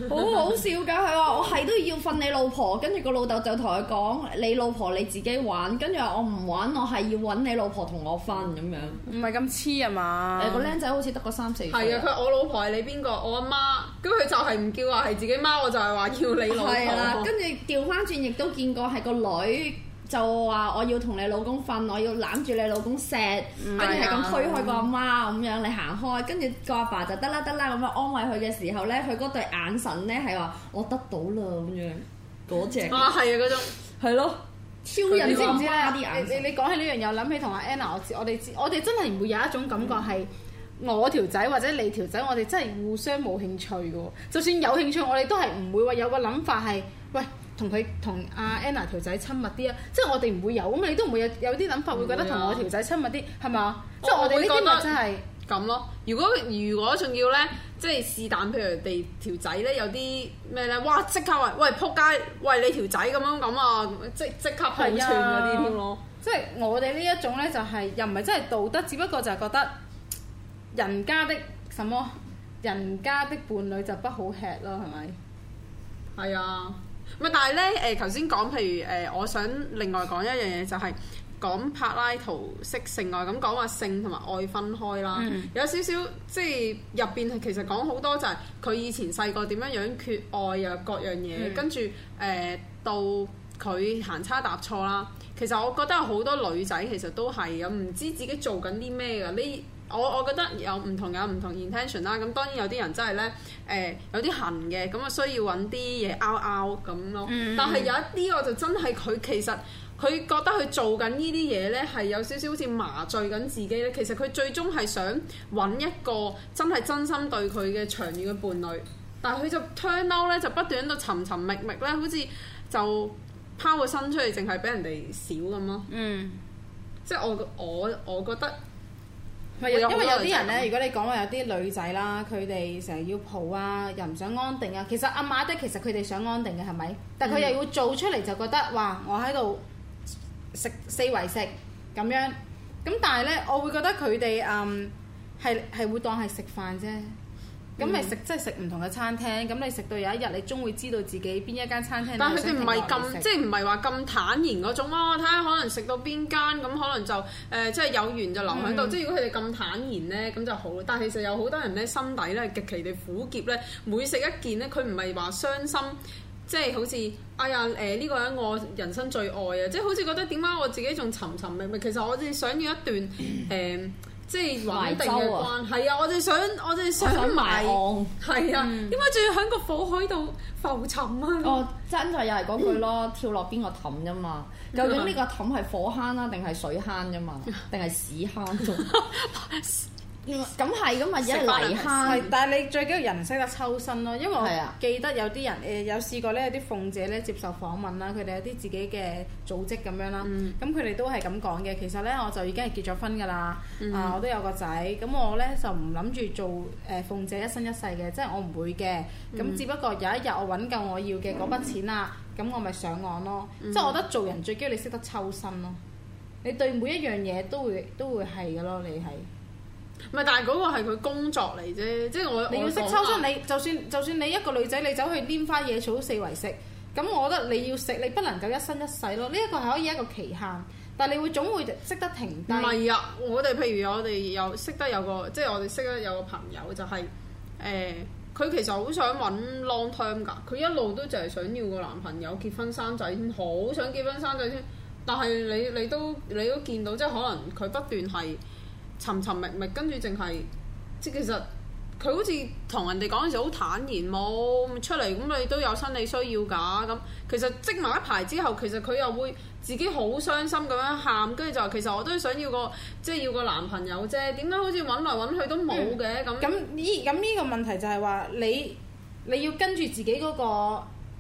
S1: 好 好笑㗎，佢話我係都要瞓你老婆，爸爸跟住個老豆就同佢講：你老婆你自己玩。」跟住我唔玩，我係要揾你老婆同我瞓咁樣。唔係咁黐啊嘛！誒個僆仔好似得個三四歲。係啊，佢我老婆係你邊個？我阿媽，咁佢就係唔叫
S3: 話係自己媽，我就係話叫你老婆。係啦、 嗯，
S1: 跟住調翻轉亦都見過係個女。就話我要同你老公瞓，我要攬住你老公錫，跟住係咁推開個阿媽咁、嗯、樣你行開，跟住個阿爸，爸就得啦得啦咁樣安慰佢嘅時候咧，佢嗰對眼神咧係話我得到啦咁樣，嗰隻啊，係啊，嗰種係咯，了超人知你知唔知啊？你
S2: 你你講起呢樣又諗起同阿 Anna，我知我哋知，我哋真係唔會有一種感覺係、嗯、我條仔或者你條仔，我哋真係互相冇興趣嘅喎。就算有興趣，我哋都係唔會話有個諗法係喂。同佢同阿 Anna 條仔親密啲啊！即係我哋唔會有咁啊，你都唔會有有啲諗法，會覺得同我條仔親密啲係嘛？即係我哋呢啲咪真係
S3: 咁咯。如果如果仲要咧，即係是但，譬如地條仔咧有啲咩咧，哇！即刻話喂，仆街，喂你條仔咁樣咁啊！即即刻報穿啲咯。
S2: 即係我哋呢一種咧、就是，就係又唔係真係道德，只不過就係覺得人家的什麼，人家的伴侶就不好吃咯，係
S3: 咪？係啊。咪但係咧，誒頭先講，譬如誒、呃，我想另外講一樣嘢，就係，就係講柏拉圖式性愛，咁講話性同埋愛分開啦，嗯、有少少即係入邊其實講好多，就係佢以前細個點樣樣缺愛啊，各樣嘢，跟住誒到佢行差踏錯啦。其實我覺得好多女仔其實都係咁，唔知自己做緊啲咩㗎呢？我我覺得有唔同有唔同 intention 啦，咁當然有啲人真係咧，誒、呃、有啲痕嘅，咁啊需要揾啲嘢拗拗咁咯。但係有一啲我就真係佢其實佢覺得佢做緊呢啲嘢咧係有少少好似麻醉緊自己咧。其實佢最終係想揾一個真係真心對佢嘅長遠嘅伴侶，但係佢就 turn out 咧，就不斷喺度尋尋覓覓咧，好似就拋個身出嚟，淨係俾人哋少咁咯。嗯，即係我我我覺得。因為有啲人呢，如果
S2: 你講話有啲女仔啦，佢哋成日要蒲啊，又唔想安定啊。其實阿媽的其實佢哋想安定嘅係咪？但佢又要做出嚟就覺得話、嗯、我喺度食四圍食咁樣。咁但係呢，我會覺得佢哋誒係係會當係食飯啫。咁、嗯、你食即係食唔同嘅餐廳，咁你食到有一日，你終會知道自己邊一間餐廳。但係佢哋唔係咁，即係
S3: 唔係話咁坦然嗰種咯。睇、哦、下可能食到邊間，咁可能就誒，即、呃、係、就是、有緣就留喺度。即係、嗯、如果佢哋咁坦然咧，咁就好。但係其實有好多人咧，心底咧極其地苦澀咧，每食一件咧，佢唔係話傷心，即、就、係、是、好似哎呀誒呢、呃這個人我人生最愛啊！即、就、係、是、好似覺得點解我自己仲尋尋覓覓，其實我哋想要一段誒。呃即係穩定嘅關係，係啊！我
S1: 哋想，我哋想埋岸，係啊！點解仲要喺個火海度浮沉啊？嗯、哦，真係又係嗰句咯，嗯、跳落邊個氹啫嘛？究竟呢個氹係火坑啊，定係水坑啫、啊、嘛？定係屎坑、啊 咁係噶咪，食泥坑。係、嗯，一一但係你最緊要人識得抽身咯，因為我記
S2: 得有啲人誒、啊呃、有試過咧，啲鳳姐咧接受訪問啦，佢哋有啲自己嘅組織咁樣啦。咁佢哋都係咁講嘅。其實咧，我就已經係結咗婚噶啦，嗯、啊，我都有個仔。咁我咧就唔諗住做誒鳳姐一生一世嘅，即係我唔會嘅。咁、嗯、只不過有一日我揾夠我要嘅嗰筆錢啦，咁、嗯、我咪上岸咯。嗯、即係我覺得做人最緊要你識得抽身咯。你對每一樣嘢都會都會係噶咯，你係。你唔係，但係嗰個係佢工作嚟啫，即係我。你要識抽身，說說你就算就算你一個女仔，你走去拈花惹草四圍食，咁我覺得你要食，你不能夠一生一世咯。呢、這、一個係可以一個期限，但係你會總會識得停低。唔係啊！我哋譬如我哋有識得
S3: 有個，即係我哋識得有個朋友就係、是、誒，佢、欸、其實好想揾 long term 㗎，佢一路都淨係想要個男朋友結婚生仔先，好想結婚生仔先。但係你你都你都見到，即係可能佢不斷係。尋尋覓覓，跟住淨係即其實佢好似同人哋講嘅時好坦然，冇出嚟咁你都有生理需要㗎咁。其實積埋一排之後，其實佢又會自己好傷心咁樣喊，跟住就話其實我都係想要個即係要個男朋友啫。點解好似揾
S2: 來揾去都冇嘅咁？咁呢咁呢個問題就係話你你要跟住自己嗰、嗰個、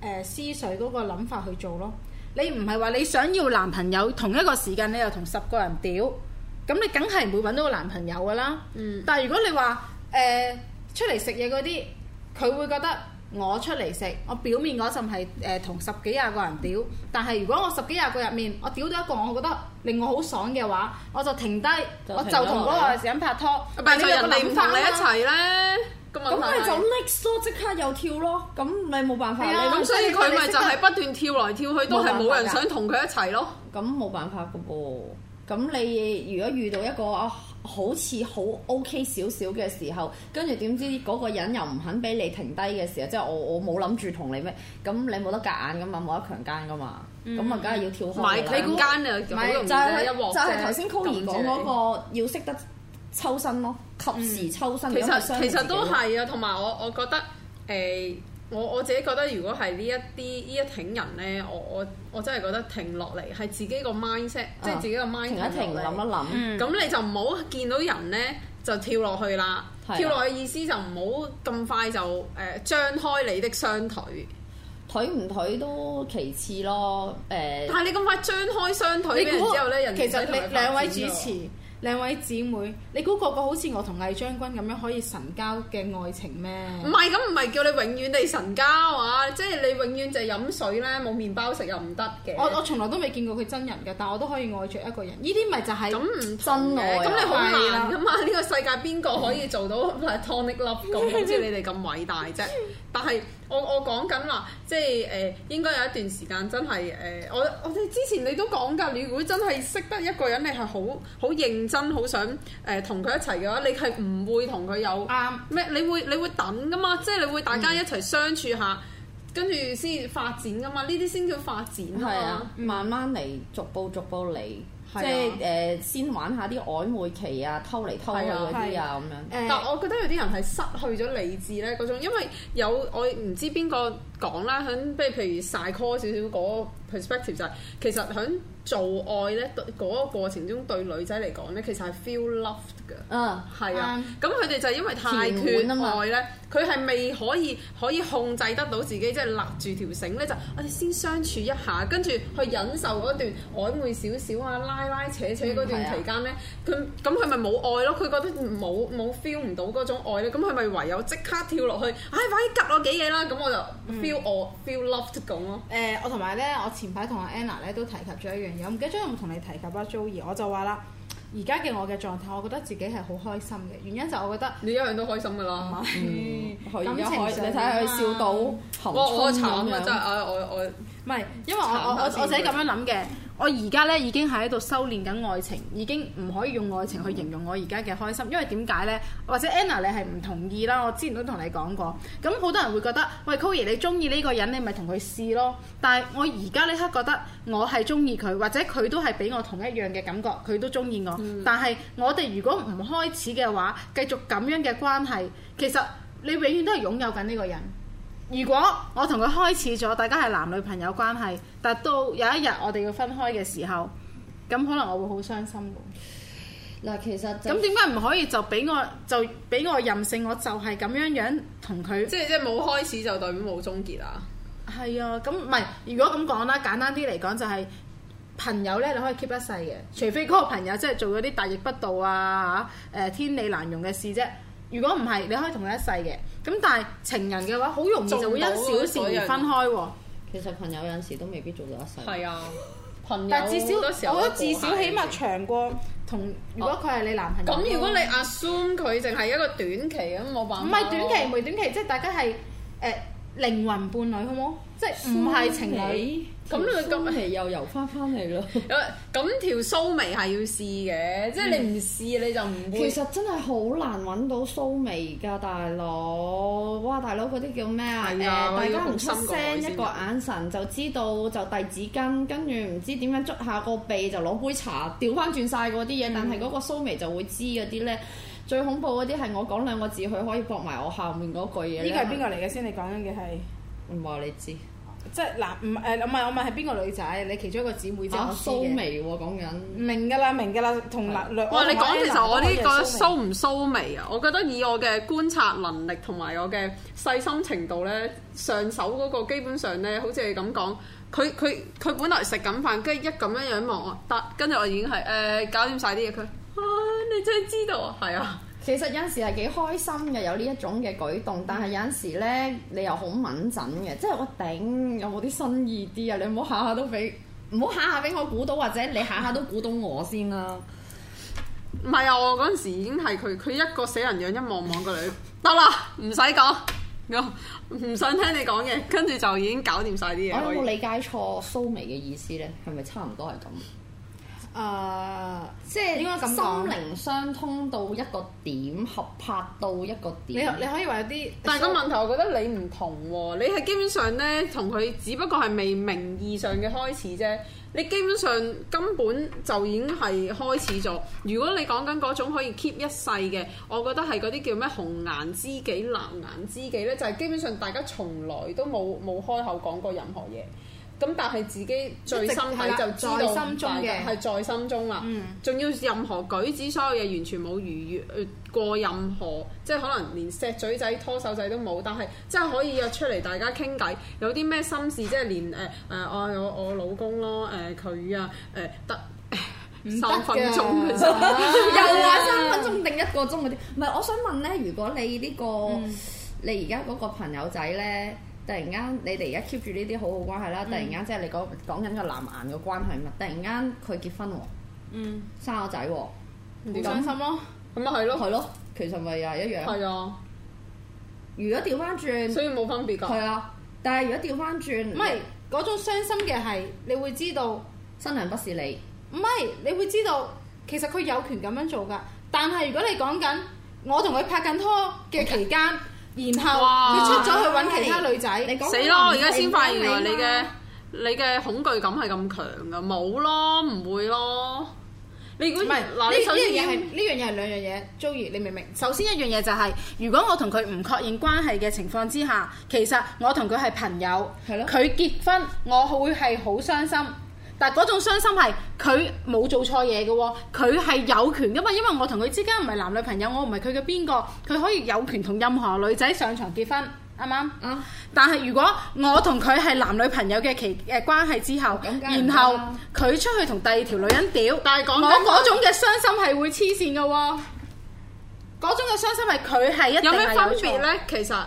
S2: 呃、思緒嗰個諗法去做咯。你唔係話你想要男朋友同一個時間，你又同十個人屌？咁你梗係唔會揾到個男朋友噶啦，嗯、但係如果你話誒、呃、出嚟食嘢嗰啲，佢會覺得我出嚟食，我表面嗰陣係同十幾廿個人屌，但係如果我十幾廿個入面，我屌到一個我覺得令我好爽嘅話，我就停低，就停我就同嗰個人拍拖。
S3: 但係、啊、個人你一齊呢。咁咪就甩、是、
S1: 咗，即刻又跳咯，咁咪冇辦法㗎。咁、啊、所以佢咪就係不斷跳來跳去都係冇人想同佢一齊咯。咁冇辦法嘅噃。咁你如果遇到一個啊，好似好 OK 少少嘅時候，跟住點知嗰個人又唔肯俾你停低嘅時候，即係我我冇諗住同你咩，咁你冇得夾硬噶嘛，冇得強奸噶嘛，咁啊梗係要跳開啦，唔係不、嗯、你估唔係就係、是、就係頭先溝兒講嗰個要識得抽身咯，及時抽身。嗯、因為 其實其實
S3: 都係啊，同埋我我覺得誒。欸我我自己覺得，如果係呢一啲呢一挺人呢，我我我真係覺得挺落嚟係自己個 mindset，啊、即係自己個 mindset 諗一
S1: 諗，咁
S3: 你就唔好見到人呢就跳落去啦。的跳落去意思就唔好咁快就誒、呃、張開你的雙
S1: 腿，腿唔腿都其次咯。誒、呃，但係你
S3: 咁快張開雙
S2: 腿俾人之後咧，其實你兩位主持。
S1: 兩位姐妹，你估個個好似
S2: 我同魏將軍咁樣可以神交嘅愛情咩？唔係，咁唔係叫你永遠你神交啊！即係你永遠就係飲水咧，冇麵包食又唔得嘅。我我從來都未見過佢真人嘅，但我都可以愛着一個人。呢啲咪就係咁唔真嘅愛，咁你好難噶嘛？呢的個世界邊個可以做到係《Platonic Love、嗯》咁？好似你哋咁偉大啫，
S3: 但係。我我講緊啦，即係誒、呃，應該有一段時間真係誒、呃，我我哋之前你都講噶，如果你真係識得一個人，你係好好認真，好想誒同佢一齊嘅話，你係唔會同佢有咩，啊？你會你會等噶嘛？即係你會大家一齊相處下，嗯、跟住先發展噶嘛？呢啲先叫發展。係、嗯、
S1: 啊，慢慢嚟，逐步逐步嚟。即係誒、 呃，先玩下啲曖昧期啊，偷嚟偷去嗰啲啊，咁樣。
S3: 但係我覺得有啲人係失去咗理智咧，嗰種因為有我唔知邊個。講啦，響，比如譬如 psycho 少少嗰 perspective 就係、是，其實響做愛咧，嗰、那個過程中對女仔嚟講咧，其實係 feel loved 㗎、uh, 啊。嗯，係啊。咁佢哋就因為太缺愛咧，佢係未可以可以控制得到自己，即係勒住條繩咧、就是，就我哋先相處一下，跟住去忍受嗰段曖昧少少啊，拉拉扯扯嗰段期間咧，佢咁佢咪冇愛咯？佢覺得冇冇 feel 唔到嗰種愛咧，咁佢咪唯有即刻跳落去，唉、哎，快啲急我幾嘢啦！咁我就
S2: feel、嗯。我 feel loved 咁咯。誒，我同埋咧，我前排同阿 Anna 咧都提及咗一樣嘢，我唔記得咗有冇同你提及啊棗兒我就話啦，而家嘅我嘅狀態，我覺得自己係好開心嘅。原因就我覺得你一樣都開心㗎啦。感情上啊，你睇下佢
S3: 笑到，我我慘啊真係我，我樣我唔係，因為我我我我,我,我自己咁樣
S2: 諗嘅。我而家咧已經喺度修練緊愛情，已經唔可以用愛情去形容我而家嘅開心，因為點解呢？或者 Anna 你係唔同意啦，我之前都同你講過。咁好多人會覺得，喂 Koey 你中意呢個人，你咪同佢試咯。但係我而家呢刻覺得，我係中意佢，或者佢都係俾我同一樣嘅感覺，佢都中意我。但係我哋如果唔開始嘅話，繼續咁樣嘅關係，其實你永遠都係擁有緊呢個人。如果我同佢開始咗，大家係男女朋友關係，但到有一日我哋要分開嘅時候，咁可能我會好傷心。嗱，其實咁點解唔可以就俾我就俾我任性，我就係咁樣樣同佢？即係即係冇開始就代表冇終結啊？係啊，咁唔係如果咁講啦，簡單啲嚟講就係朋友呢，你可以 keep 一世嘅，除非嗰個朋友即係做咗啲大逆不道啊嚇，誒、呃、天理難容嘅事啫。如果唔係，你可以同佢一世嘅。咁但係情人嘅話，好容易就會因小事而分
S1: 開喎。其實朋友有時都未必做到一世。係啊，朋友但至少，我覺得至少起碼長過同，如果佢係你男朋友哥哥。咁、哦、如果你
S2: assume 佢淨係一個短期咁，冇辦法、啊。唔係短期，唔係短期，即係大家係誒、呃、靈魂伴侶，好冇？
S3: 即係唔係情侶咁，佢今期又遊翻翻嚟咯。咁條蘇眉係要試嘅，即係你唔試你就唔會。其實
S1: 真係好難揾到蘇眉㗎，大佬。哇，大佬嗰啲叫咩啊？誒、欸，我要大家唔出聲，一個眼神 就知道就遞紙巾，跟住唔知點樣捉下個鼻就攞杯茶掉翻轉晒嗰啲嘢。嗯、但係嗰個蘇眉就會知嗰啲咧，最恐怖嗰啲係我講兩個字，佢可以駁埋我下面嗰句嘢。呢個係邊個嚟嘅先？ 你講緊嘅係唔話你知。
S2: 即係嗱，唔誒，唔、呃、係我問係邊個女仔？你其中一個姊妹之後識嘅。蘇眉喎、啊，講緊。明㗎啦，明㗎啦，同男略，哇！你講其實我呢、呢個蘇
S1: 唔蘇
S3: 眉啊？我覺得以我嘅觀察能力同埋我嘅細心程度咧，上手嗰個基本上咧，好似係咁講，佢佢佢本來食緊飯，跟住一咁樣樣望我，但跟住我已經係
S1: 誒、呃、搞掂晒啲嘢。佢啊，你真係知道啊？係啊。其實有陣時係幾開心嘅，有呢一種嘅舉動。但係有陣時咧，你又好穩陣嘅，即係我頂有冇啲新意啲啊？你唔好下下都俾，唔好下下俾我估到，或者你下下都估到我先啦。唔係啊，我嗰陣時已經係佢，佢一
S3: 個死人樣一望望過嚟，得啦，唔使講，我唔想聽你講嘢，跟住就已經搞掂晒啲嘢。我有冇理
S1: 解錯蘇眉嘅意思咧？係咪差唔多係咁？誒，uh, 即係心靈相通到一個點，合拍到一個點。你你可以話有啲，但係個問題，我覺得你唔同喎、哦。你係基
S3: 本上呢，同佢只不過係未名義上嘅開始啫。你基本上根本就已經係開始咗。如果你講緊嗰種可以 keep 一世嘅，我覺得係嗰啲叫咩紅顏知己、藍顏知己呢，就係、是、基本上大家從來都冇冇開口講過任何嘢。咁但係自己最心底就知道在心中嘅，係在心中啦。嗯，仲要任何舉止，所有嘢完全冇逾越，過任何，即係可能連錫嘴仔、拖手仔都冇。但係即係可以約出嚟大家傾偈，有啲咩心事，即係連誒誒、呃呃，我我，我老公咯，誒佢啊，誒、呃、得、呃、分三分鐘，又話三分
S1: 鐘定一個鐘嗰啲。唔係，我想問咧，如果你呢、呢個你而家嗰個朋友仔咧？突然間，你哋而家 keep 住呢啲好好關係啦。突然間，嗯、即係你講講緊個藍顏嘅關係嘛。突然間，佢結婚喎，嗯、生個仔喎，你傷心咯、啊。咁咪係咯，係咯，其實咪又係一樣。係啊。如果調翻轉，所以冇分別㗎。係啊，但係如果調翻轉，唔係嗰種傷心嘅係，你會知道新娘不是你。
S2: 唔係，你會知道其實佢有權咁樣做㗎。但係如果你講緊我同佢拍緊拖嘅期間。Okay. 然後佢哇出咗去揾其他女仔，哎、你講
S3: 死咯！我而家先發現原來，你嘅你嘅恐懼感係咁強噶，冇咯，唔會咯。你如果唔係嗱，呢樣嘢係
S2: 呢樣嘢係兩樣嘢棗兒，你明唔明？首先一樣嘢就係、是，如果我同佢唔確認關係嘅情況之下，其實我同佢係朋友。係咯的。佢結婚，我會係好傷心。但嗰種傷心係佢冇做錯嘢嘅喎，佢係有權噶嘛？因為我同佢之間唔係男女朋友，我唔係佢嘅邊個，佢可以有權同任何女仔上床結婚，啱唔啱、嗯、但係如果我同佢係男女朋友嘅期嘅關係之後，然後佢出去同第二條女人屌，但係我嗰種嘅傷心係會黐線嘅喎，嗰種嘅傷心係佢係一有咩分別呢？
S3: 其實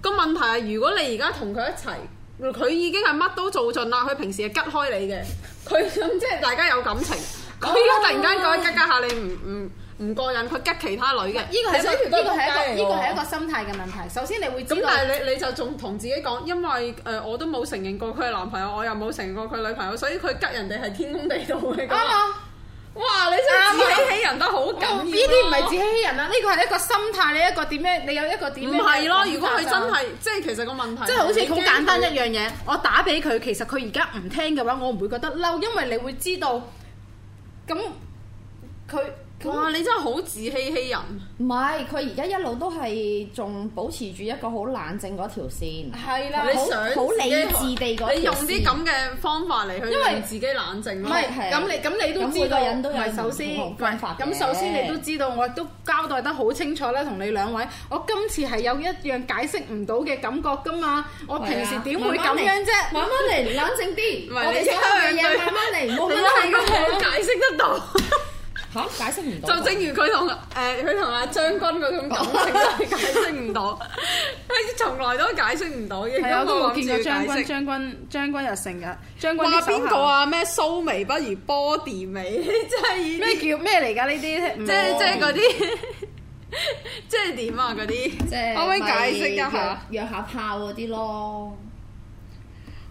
S3: 個問題係如果你而家同佢一齊。佢已經係乜都做盡啦，佢平時係吉開你嘅，佢咁即係大家有感情，佢而家突然間講吉吉下你唔唔唔過癮，佢吉其他女嘅，呢個係呢個係一個呢個係一個
S2: 心態嘅問題。首先你會知道、嗰個，但係你你
S3: 就仲同自己講，因為誒、呃、我都冇承認過佢係男朋友，我又冇承認過佢女朋友，所以佢吉人哋係天公地道嘅咁。
S2: 哇！你真係自欺欺人得好、啊、緊要呢啲唔係自欺欺人啊？呢個係一個心態，你一個點樣？你有一個點樣？唔係咯？如果佢真係，即係其實個問題，即係好似好簡單一樣嘢。我打俾佢，其實佢而家唔聽嘅話，我唔會覺得嬲，因為你會知道。咁佢。
S1: 哇！你真係
S3: 好
S2: 自欺欺人。
S1: 唔係，佢而家一路都係仲保持住一個好冷靜嗰條線。係啦，你想好理智地，你用啲咁
S3: 嘅方法嚟去因為自己冷靜。唔係咁，你
S1: 咁你都知，咁每個人都有唔係。首先唔係發脾氣。咁首先你都
S2: 知道，我都交代得好清楚咧，同你兩位，我今次係有一樣解釋唔到嘅感覺㗎嘛。我平時點會咁樣啫？慢慢嚟，冷靜啲。唔係你講嘅嘢，慢慢嚟，冇得係咁
S1: 好解釋
S3: 得到。解釋唔到就正如佢同誒佢同阿將軍嗰種感情， 解釋唔到，佢從來都解釋唔到嘅。係啊，我都冇見過將軍
S2: 將軍將軍又成日將軍啲手下話邊個啊？咩蘇眉不如波
S3: 地美， 真係的咩叫咩嚟㗎？呢啲即即嗰啲即係點啊？嗰啲可唔可以解釋一下
S1: 約下炮嗰啲咯？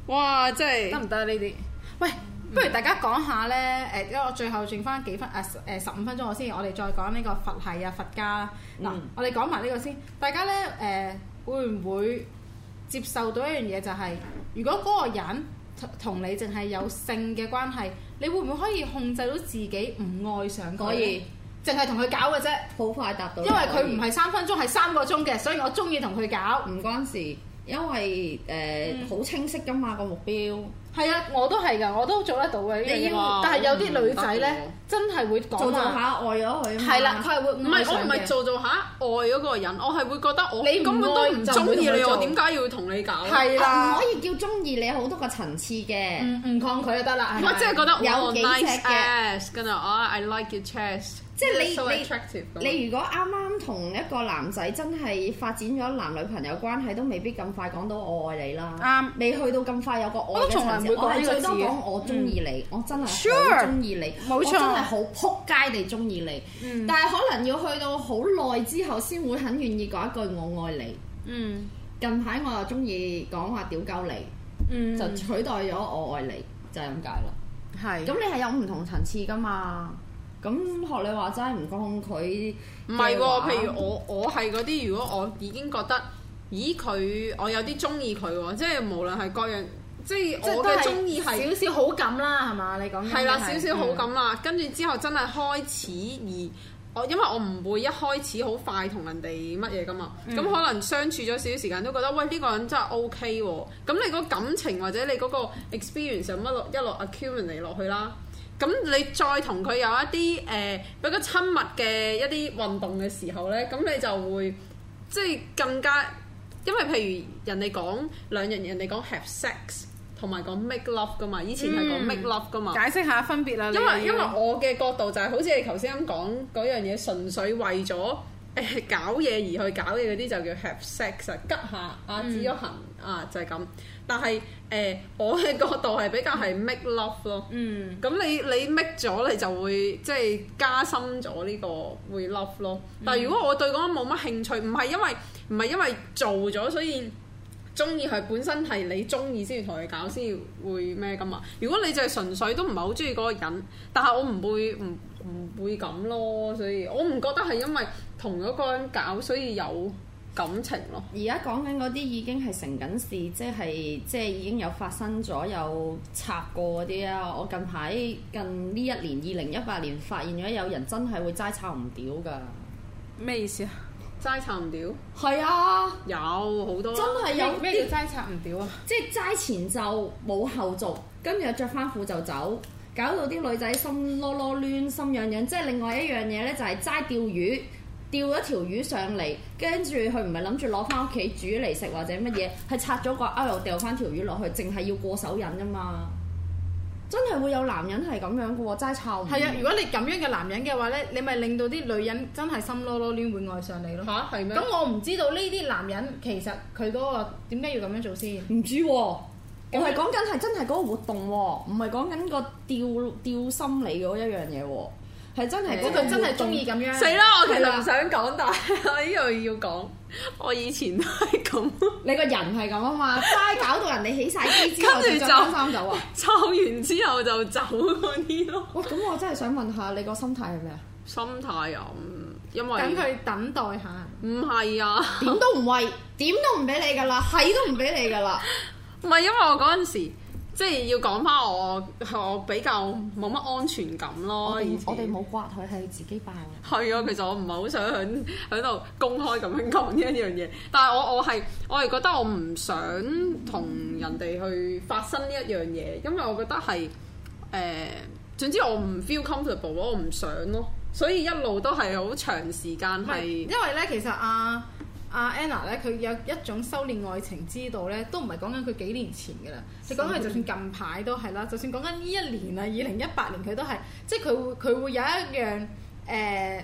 S2: 哇！真係得唔得呢啲？喂！不如大家講下咧，誒，因為我最後剩翻幾分，誒、啊，十五分鐘，我先，我哋再講呢個佛系啊、佛家啦。嗱、嗯，我哋講埋呢個先。大家咧，誒、呃，會唔會接受到一樣嘢、就係？就係如果嗰個人同你淨係有性嘅關係，你會唔會可以控制到自己唔愛上佢？可以，淨係同佢搞嘅啫。好快達到。因為佢唔
S1: 係三分鐘，係三個鐘嘅，所以我中意同佢搞。唔關事，因為誒好、呃嗯、清晰噶嘛、這個目標。係啊，我都係噶，我都做得到嘅呢樣嘢。但係有啲女仔咧，真係會講下「愛咗佢」。係啦，佢係會唔係我唔係做做下
S3: 愛嗰個人，我係會覺得我你根本都唔中意你，我點解要同你搞？係啦，唔可以
S1: 叫中意你，好多個層次嘅，唔抗拒就得啦。我真係覺得，有 nice ass，
S3: 哥，我 I like your chest，so attractive 即
S1: 係你你如果啱啱同一個男仔真係發展咗男女朋友關係，都未必咁快講到我愛你啦。啱，未去到咁快有個愛嘅。我係最多講我中意你，嗯、我真係好中意你，sure，我真係好撲街地中意你。嗯、但係可能要去到好耐之後，先會肯願意講一句我愛你。
S2: 嗯，
S1: 近排我又中意講話屌鳩你，嗯，就取代咗我愛你，就咁解啦。係是。咁你係有唔同層次噶嘛？咁學你話齋唔講佢，唔係喎。譬如我
S3: 我係嗰啲，如果我已經覺得，咦佢我有啲中意佢喎，即係無論係各樣。即係我都係中意係少少好感啦，係嘛？你講嘅係係啦，少少好感啦。嗯、跟住之後真係開始而我，因為我唔會一開始好快同人哋乜嘢噶嘛。咁、嗯、可能相處咗少少時間都覺得，喂呢、呢個人真係 OK 喎、啊。咁你個感情或者你嗰個 experience 上一落一落 accumulate 落去啦。咁你再同佢有一啲誒、呃、比較親密嘅一啲運動嘅時候咧，咁你就會即係更加，因為譬如人哋講兩人人哋講 have sex。同埋講 make love 噶嘛，以前係講 make love 噶嘛、嗯。解釋下分別啦。因為因為，因為我嘅角度就係、是、好似你頭先咁講嗰樣嘢，樣純粹為咗誒、欸、搞嘢而去搞嘢嗰啲就叫 have sex，急下啊，止咗痕、嗯、啊就係、是、咁。但係誒、欸，我嘅角度係比較係 make love 咯。嗯。咁你你 make 咗，你就會即係、就是、加深咗呢個會 love 咯。但係如果我對嗰個冇乜興趣，唔係因為唔係因為做咗，所以。中意係本身係你中意先至同佢搞先會咩噶嘛？如果你就係純粹都唔係好中意嗰個人，但係我唔會唔唔會咁咯。所以我唔覺得係因為同咗個人
S1: 搞所以有感情咯。而家講緊嗰啲已經係成緊事，即係即係已經有發生咗有拆過嗰啲啊！我近排近呢一年二零一八年發現咗有人真係會齋插唔屌噶。咩意思啊？齋拆唔掉，係啊，有好多啊，真係有咩叫齋拆唔掉啊？即係齋前就冇後續，跟住着翻褲就走，搞到啲女仔心囉囉攣，心癢癢。即係另外一樣嘢咧，就係齋釣魚，釣一條魚上嚟，跟住佢唔係諗住攞翻屋企煮嚟食或者乜嘢，係拆咗個鈎又掉翻條魚落去，淨係要過手癮啫嘛。真係會有男人係咁樣嘅喎，齋湊。係啊， 如果你咁樣嘅男人嘅話咧，你咪令到啲女人真係心囉囉亂，會愛上你咯。吓、啊？係咩？咁我
S2: 唔知道呢啲男人其實佢嗰、嗰個點解要咁樣做先？
S1: 唔知喎，我係講緊係真係嗰個活動喎，唔係講緊個吊吊心理嗰一樣嘢喎。係真係嗰對真係中意咁樣。死啦！ 我其實唔想講，但係我依樣要講。我以前係咁。你個人係咁啊嘛。齋搞
S3: 到人哋起晒機之後，跟住三走啊！抽完之後就走嗰啲咯。哇！
S1: 咁我真係想問下你個心態係咩啊？心態啊，
S3: 因為。等佢等
S1: 待下。唔係不是啊！ 點都唔俾，點都唔俾你㗎啦，係都唔俾你㗎啦。
S3: 唔係因為我嗰陣時。即係要講翻我，我比較冇乜安全感咯。我哋們冇而
S1: 且 刮佢係自己辦。
S3: 係啊，其實我唔係好想喺度公開咁樣講呢一樣嘢。但係我我係我係覺得我唔想同人哋去發生呢一樣嘢，因為我覺得係誒、呃，總之我唔
S2: feel comfortable，我唔想咯。所以一路都係好長時間係。因為咧，其實啊。阿 Anna 咧，佢有一種修煉愛情之道咧，都唔係講緊佢幾年前嘅啦。你講緊就算近排都係啦，就算講緊呢一年啊，二零一八年佢都係，即係佢會佢會有一樣誒，唔、呃、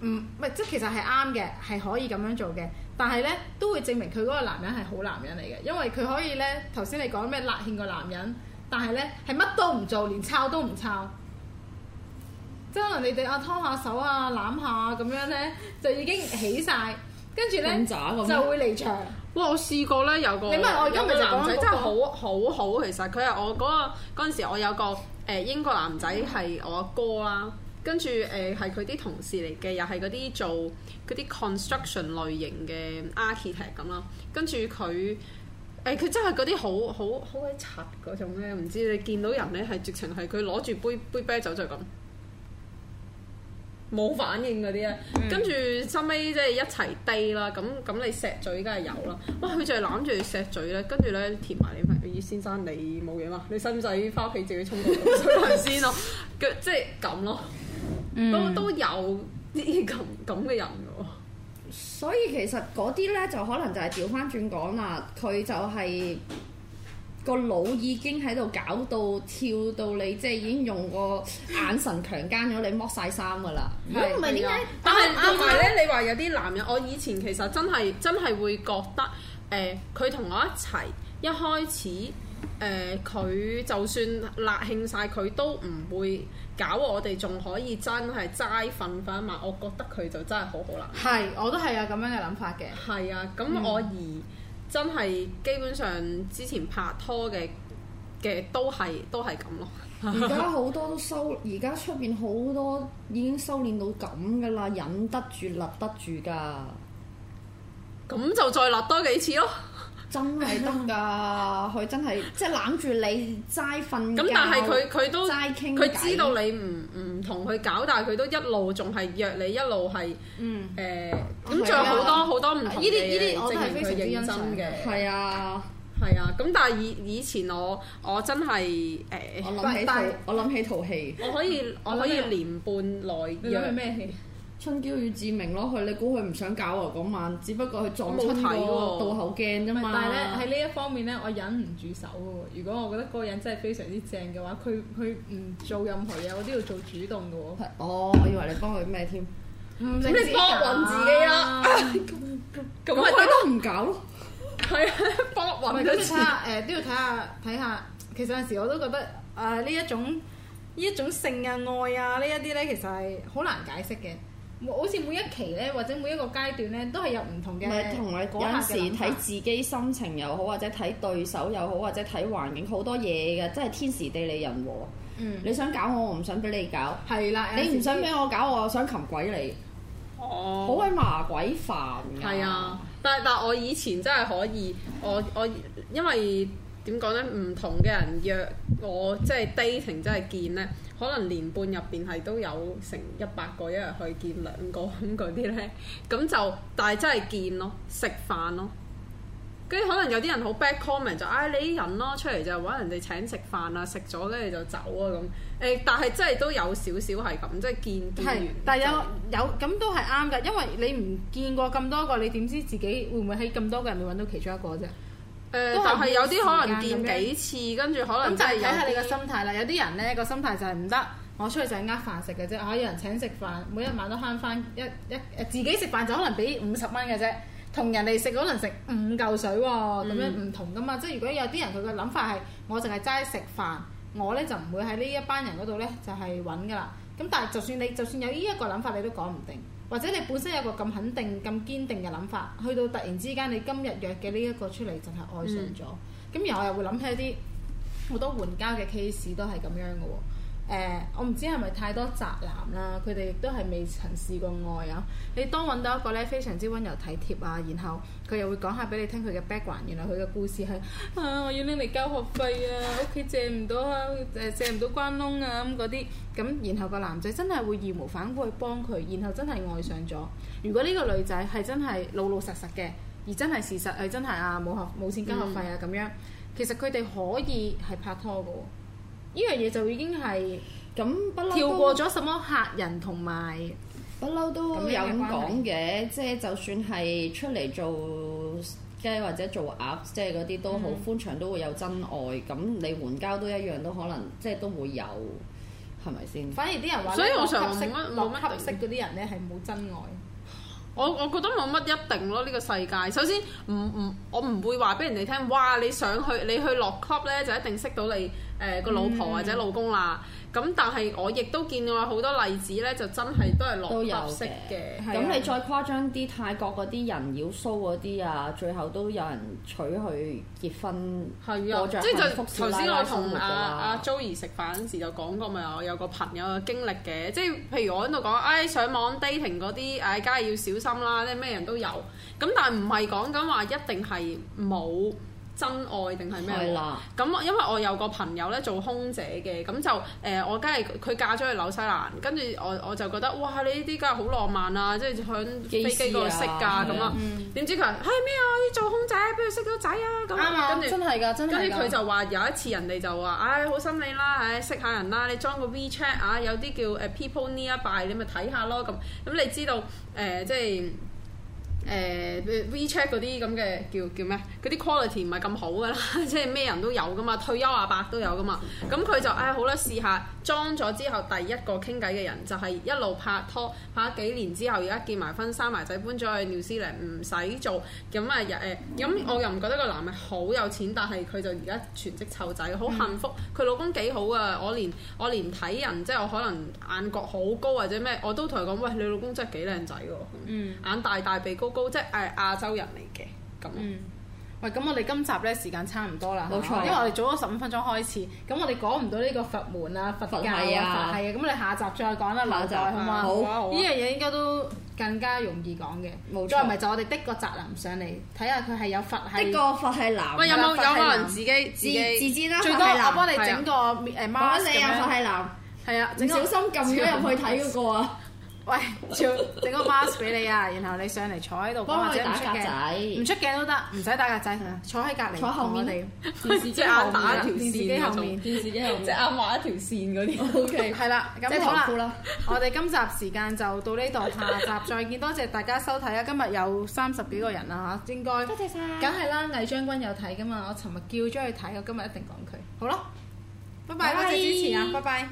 S2: 唔、嗯、即係其實係啱嘅，係可以咁樣做嘅。但係咧都會證明佢嗰個男人係好男人嚟嘅，因為佢可以咧頭先你講咩辣欠個男人，但係咧係乜都唔做，連抄都唔抄，即係可能你哋啊拖下手啊攬下咁樣咧，就已經起晒。 跟住咧就會離場。哇！我試過咧有個你我今日有個男仔真係好、那個、好，
S3: 好好，其實佢係我嗰、那個嗰陣時，我有個誒、呃、英國男仔係我阿哥啦。跟住誒係佢啲同事嚟嘅，又係嗰啲做嗰啲 construction 類型嘅 architect 咁啦。跟住佢誒佢真係嗰啲好好好鬼賊嗰種咧，唔知你見到人咧係直情係佢攞住杯杯啤酒就咁。冇反應嗰啲咧，跟住收尾即係一齊低啦，咁咁你錫嘴梗係有啦，哇佢就攬住錫嘴咧，跟住咧填埋你番。先生你冇嘢嘛？你使唔使返屋企自己衝水先咯？ 即係咁咯，
S1: 都、嗯、都
S3: 有呢啲咁咁嘅人喎。
S1: 所以其實嗰啲咧就可能就係調翻轉講啦，佢就係、是。個腦已經喺度搞到跳到你，即係已經用個眼神強奸咗你，剝晒衫噶啦。係唔係點解？對但係同埋咧，你
S3: 話有啲男人，我以前其實真係真係會覺得，誒佢同我一齊一開始，誒、呃、佢就算辣興晒，佢都唔會搞我哋，仲可以真係齋瞓翻晚。我覺得佢就真係好好啦。係，我都係有咁樣嘅諗法嘅。係啊，咁我而，嗯真係基本上之前拍拖嘅嘅都係都係咁咯。而家
S1: 好多都收，而家出邊好多已經修煉到咁噶啦，忍得住，立得住噶。咁就再立多幾次咯。真係得㗎，佢真係即係攬住你齋瞓覺，齋傾佢都，
S3: 佢知道你唔唔同佢搞，但係佢都一路仲係約你，一路係，誒，咁仲有好多好多唔同。呢啲呢啲我真證明佢認真嘅。係啊，係啊，咁但係以以前我我真係誒，我諗起套我諗起套戲，我可以
S1: 我可以連半耐約咩戲？春嬌與志明咯，佢你估佢唔想搞啊？嗰晚，只不過佢撞親個道口鏡啫嘛。但係咧喺
S2: 呢一方面咧，我忍唔住手嘅喎。如果我覺得嗰個人真係非常之正嘅話，佢佢唔做任何嘢，我都要
S1: 做主動嘅喎、哦。哦，我以為你幫佢咩添？唔使幫，搏暈自，自己啦。咁咪得咯，唔搞咯。
S3: 係啊，搏暈都得。
S2: 誒都要睇下睇下，其實有時我都覺得，誒、呃、呢一種呢一,一種性啊愛啊呢一啲咧，其實係好難解釋嘅。好似每一期咧，或者每一個階段咧，都係有唔同嘅。有時睇自
S1: 己心情又好，或者睇對手又好，或者睇環境好多嘢嘅，真係天時地利人和。嗯。你想搞我，我唔想俾你搞。係啦。你唔想俾我搞我，我想擒鬼你。哦。好鬼麻鬼
S3: 煩。係啊，但係但係我以前真係可以，我我因為點講咧？唔同嘅人約我，即係 dating，即係見咧。可能年半入面係都有成一百個，一日去見兩個咁嗰啲咧，咁就但係真係見咯，食飯咯，跟住可能有啲人好 bad comment 就唉、啊、你啲人咯出嚟就揾人哋請食飯啊，食咗跟住就走啊咁，誒、欸、但係真係都有
S2: 少少係咁，即、就、係、是、見見但係，就有有咁都係啱㗎，因為你唔見過咁多個，你點知自己會唔會喺咁多個人度揾到其中一個啫？誒、呃，就係、是、有啲可能見幾次，跟住可能咁就係睇下你個心態啦。有啲人咧個心態就係唔得，我出去就係呃飯食嘅啫。啊，有人請食飯，每一晚都慳翻一一誒，自己食飯就可能俾五十蚊嘅啫，同人哋食可能食五嚿水喎、哦，咁、嗯、樣唔同噶嘛。即係如果有啲人佢個諗法係，我淨係齋食飯，我咧就唔會喺呢一班人嗰度咧就係揾噶啦。咁但係就算你，就算有呢一個諗法，你都講唔定。或者你本身有個咁肯定、咁堅定嘅諗法，去到突然之間你今日約嘅呢一個出嚟就係愛上咗，咁然後我又會諗起一啲好多援交嘅 case 都係咁樣嘅喎。誒、呃，我唔知係咪太多宅男啦，佢哋亦都係未曾試過愛啊。你當揾到一個咧，非常之溫柔體貼啊，然後佢又會講下俾你聽佢嘅 background，原來佢嘅故事係啊，我要拎嚟交學費啊，屋企借唔到啊，借唔到關窿啊咁嗰啲。咁然後個男仔真係會義無反顧去幫佢，然後真係愛上咗。如果呢個女仔係真係老老實實嘅，而真係事實係真係啊，冇學冇錢交學費啊咁、嗯、樣，其實佢哋可以係拍拖㗎喎。呢樣嘢就已經係咁不嬲跳過咗什
S1: 麼客人同埋不嬲都有咁講嘅，即係就算係出嚟做雞或者做鴨，即係嗰啲都好，歡場都會有真愛。咁、mm hmm. 你援交都一樣，都可能即係都會有，係咪先？反而啲人話，所以我常
S2: 冇乜冇乜識嗰啲人咧，係冇真愛。我我覺得冇
S3: 乜一定咯。呢個世界首先唔唔，我唔會話俾人哋聽。哇！你上去你去落 club 咧，就一定識到你。誒個老婆或者老公啦，咁但係我亦都見到好多例子咧，就真係都係落色嘅。咁你再
S1: 誇張啲，泰國嗰啲人妖騷嗰啲啊，最後都有人娶佢結婚，過著幸福快樂生活嘅啦。即係就頭先我
S3: 同阿 Joey 食飯時就講過，咪我有個朋友嘅經歷嘅，即係譬如我喺度講，唉上網 dating 嗰啲，唉梗係要小心啦，即係咩人都有。咁但係唔係講緊話一定係冇。真愛定係咩喎？咁是的 因為我有個朋友咧，做空姐嘅，咁就誒我梗係佢嫁咗去紐西蘭，跟住我我就覺得哇！你呢啲梗係好浪漫啊！」即係響飛機嗰度識㗎咁啊，點樣、嗯、知佢話係咩啊？啲、哎、做空姐不如識到仔啊咁。啱啊！了著真係㗎，真係㗎。跟住佢就話有一次人哋就話，唉、哎，好心你啦，唉，識下人啦，你裝個 WeChat 啊，有啲叫誒 People Near By，你咪睇下咯咁。咁你知道誒、呃、即係？即誒 WeChat 嗰啲咁嘅叫叫咩？嗰啲 quality 唔係咁好㗎啦， 即係咩人都有㗎嘛，退休阿伯都有㗎嘛。咁佢、mm hmm. 就誒、哎、好啦，試下裝咗之後第一個傾偈嘅人就係一路拍拖，拍咗幾年之後而家結埋婚，生埋仔，搬咗去 New Zealand，唔使做。咁啊誒，咁、哎嗯 mm hmm. 我又唔覺得個男嘅好有錢，但係佢就而家全職湊仔，好幸福。佢、mm hmm. 老公幾好啊，我連我連睇人即係我可能眼角好高或者咩，我都同佢講喂，你老公真係幾靚仔㗎，mm hmm. 眼大大,大，鼻高。高即係亞洲人嚟嘅，
S2: 咁，喂，咁我哋今集咧時間差唔多啦，冇錯，因為我哋早咗十五分鐘開始，咁我哋講唔到呢個佛門啊，佛界啊，係啊，咁我哋下集再講啦，下集好嘛？好，呢樣嘢應該都更加容易講嘅，冇錯，再唔係就我哋的個宅男上嚟睇下佢係有佛系的個佛系男，喂有冇有冇人自己自自薦啦？最多我幫你整個誒貓你樣，有佛系男，係啊，唔小心撳咗入去睇嗰個啊。喂，照，整個 mask 俾你啊，然後你上嚟坐喺度，幫我或者打格仔唔出鏡，唔出鏡都得，唔使打格仔，坐喺隔離，坐後面電視機後面，電視機後面，即係壓埋一條線嗰啲。OK，係啦，咁好啦，我哋今集時間就到呢度，下集再見。多謝大家收睇啊，今日有三十幾個人啦嚇，應該，多謝晒！梗係啦，魏將軍有睇噶嘛，我尋日叫咗去睇，我今日一定講佢。好啦，拜拜，多謝支持啊，拜拜。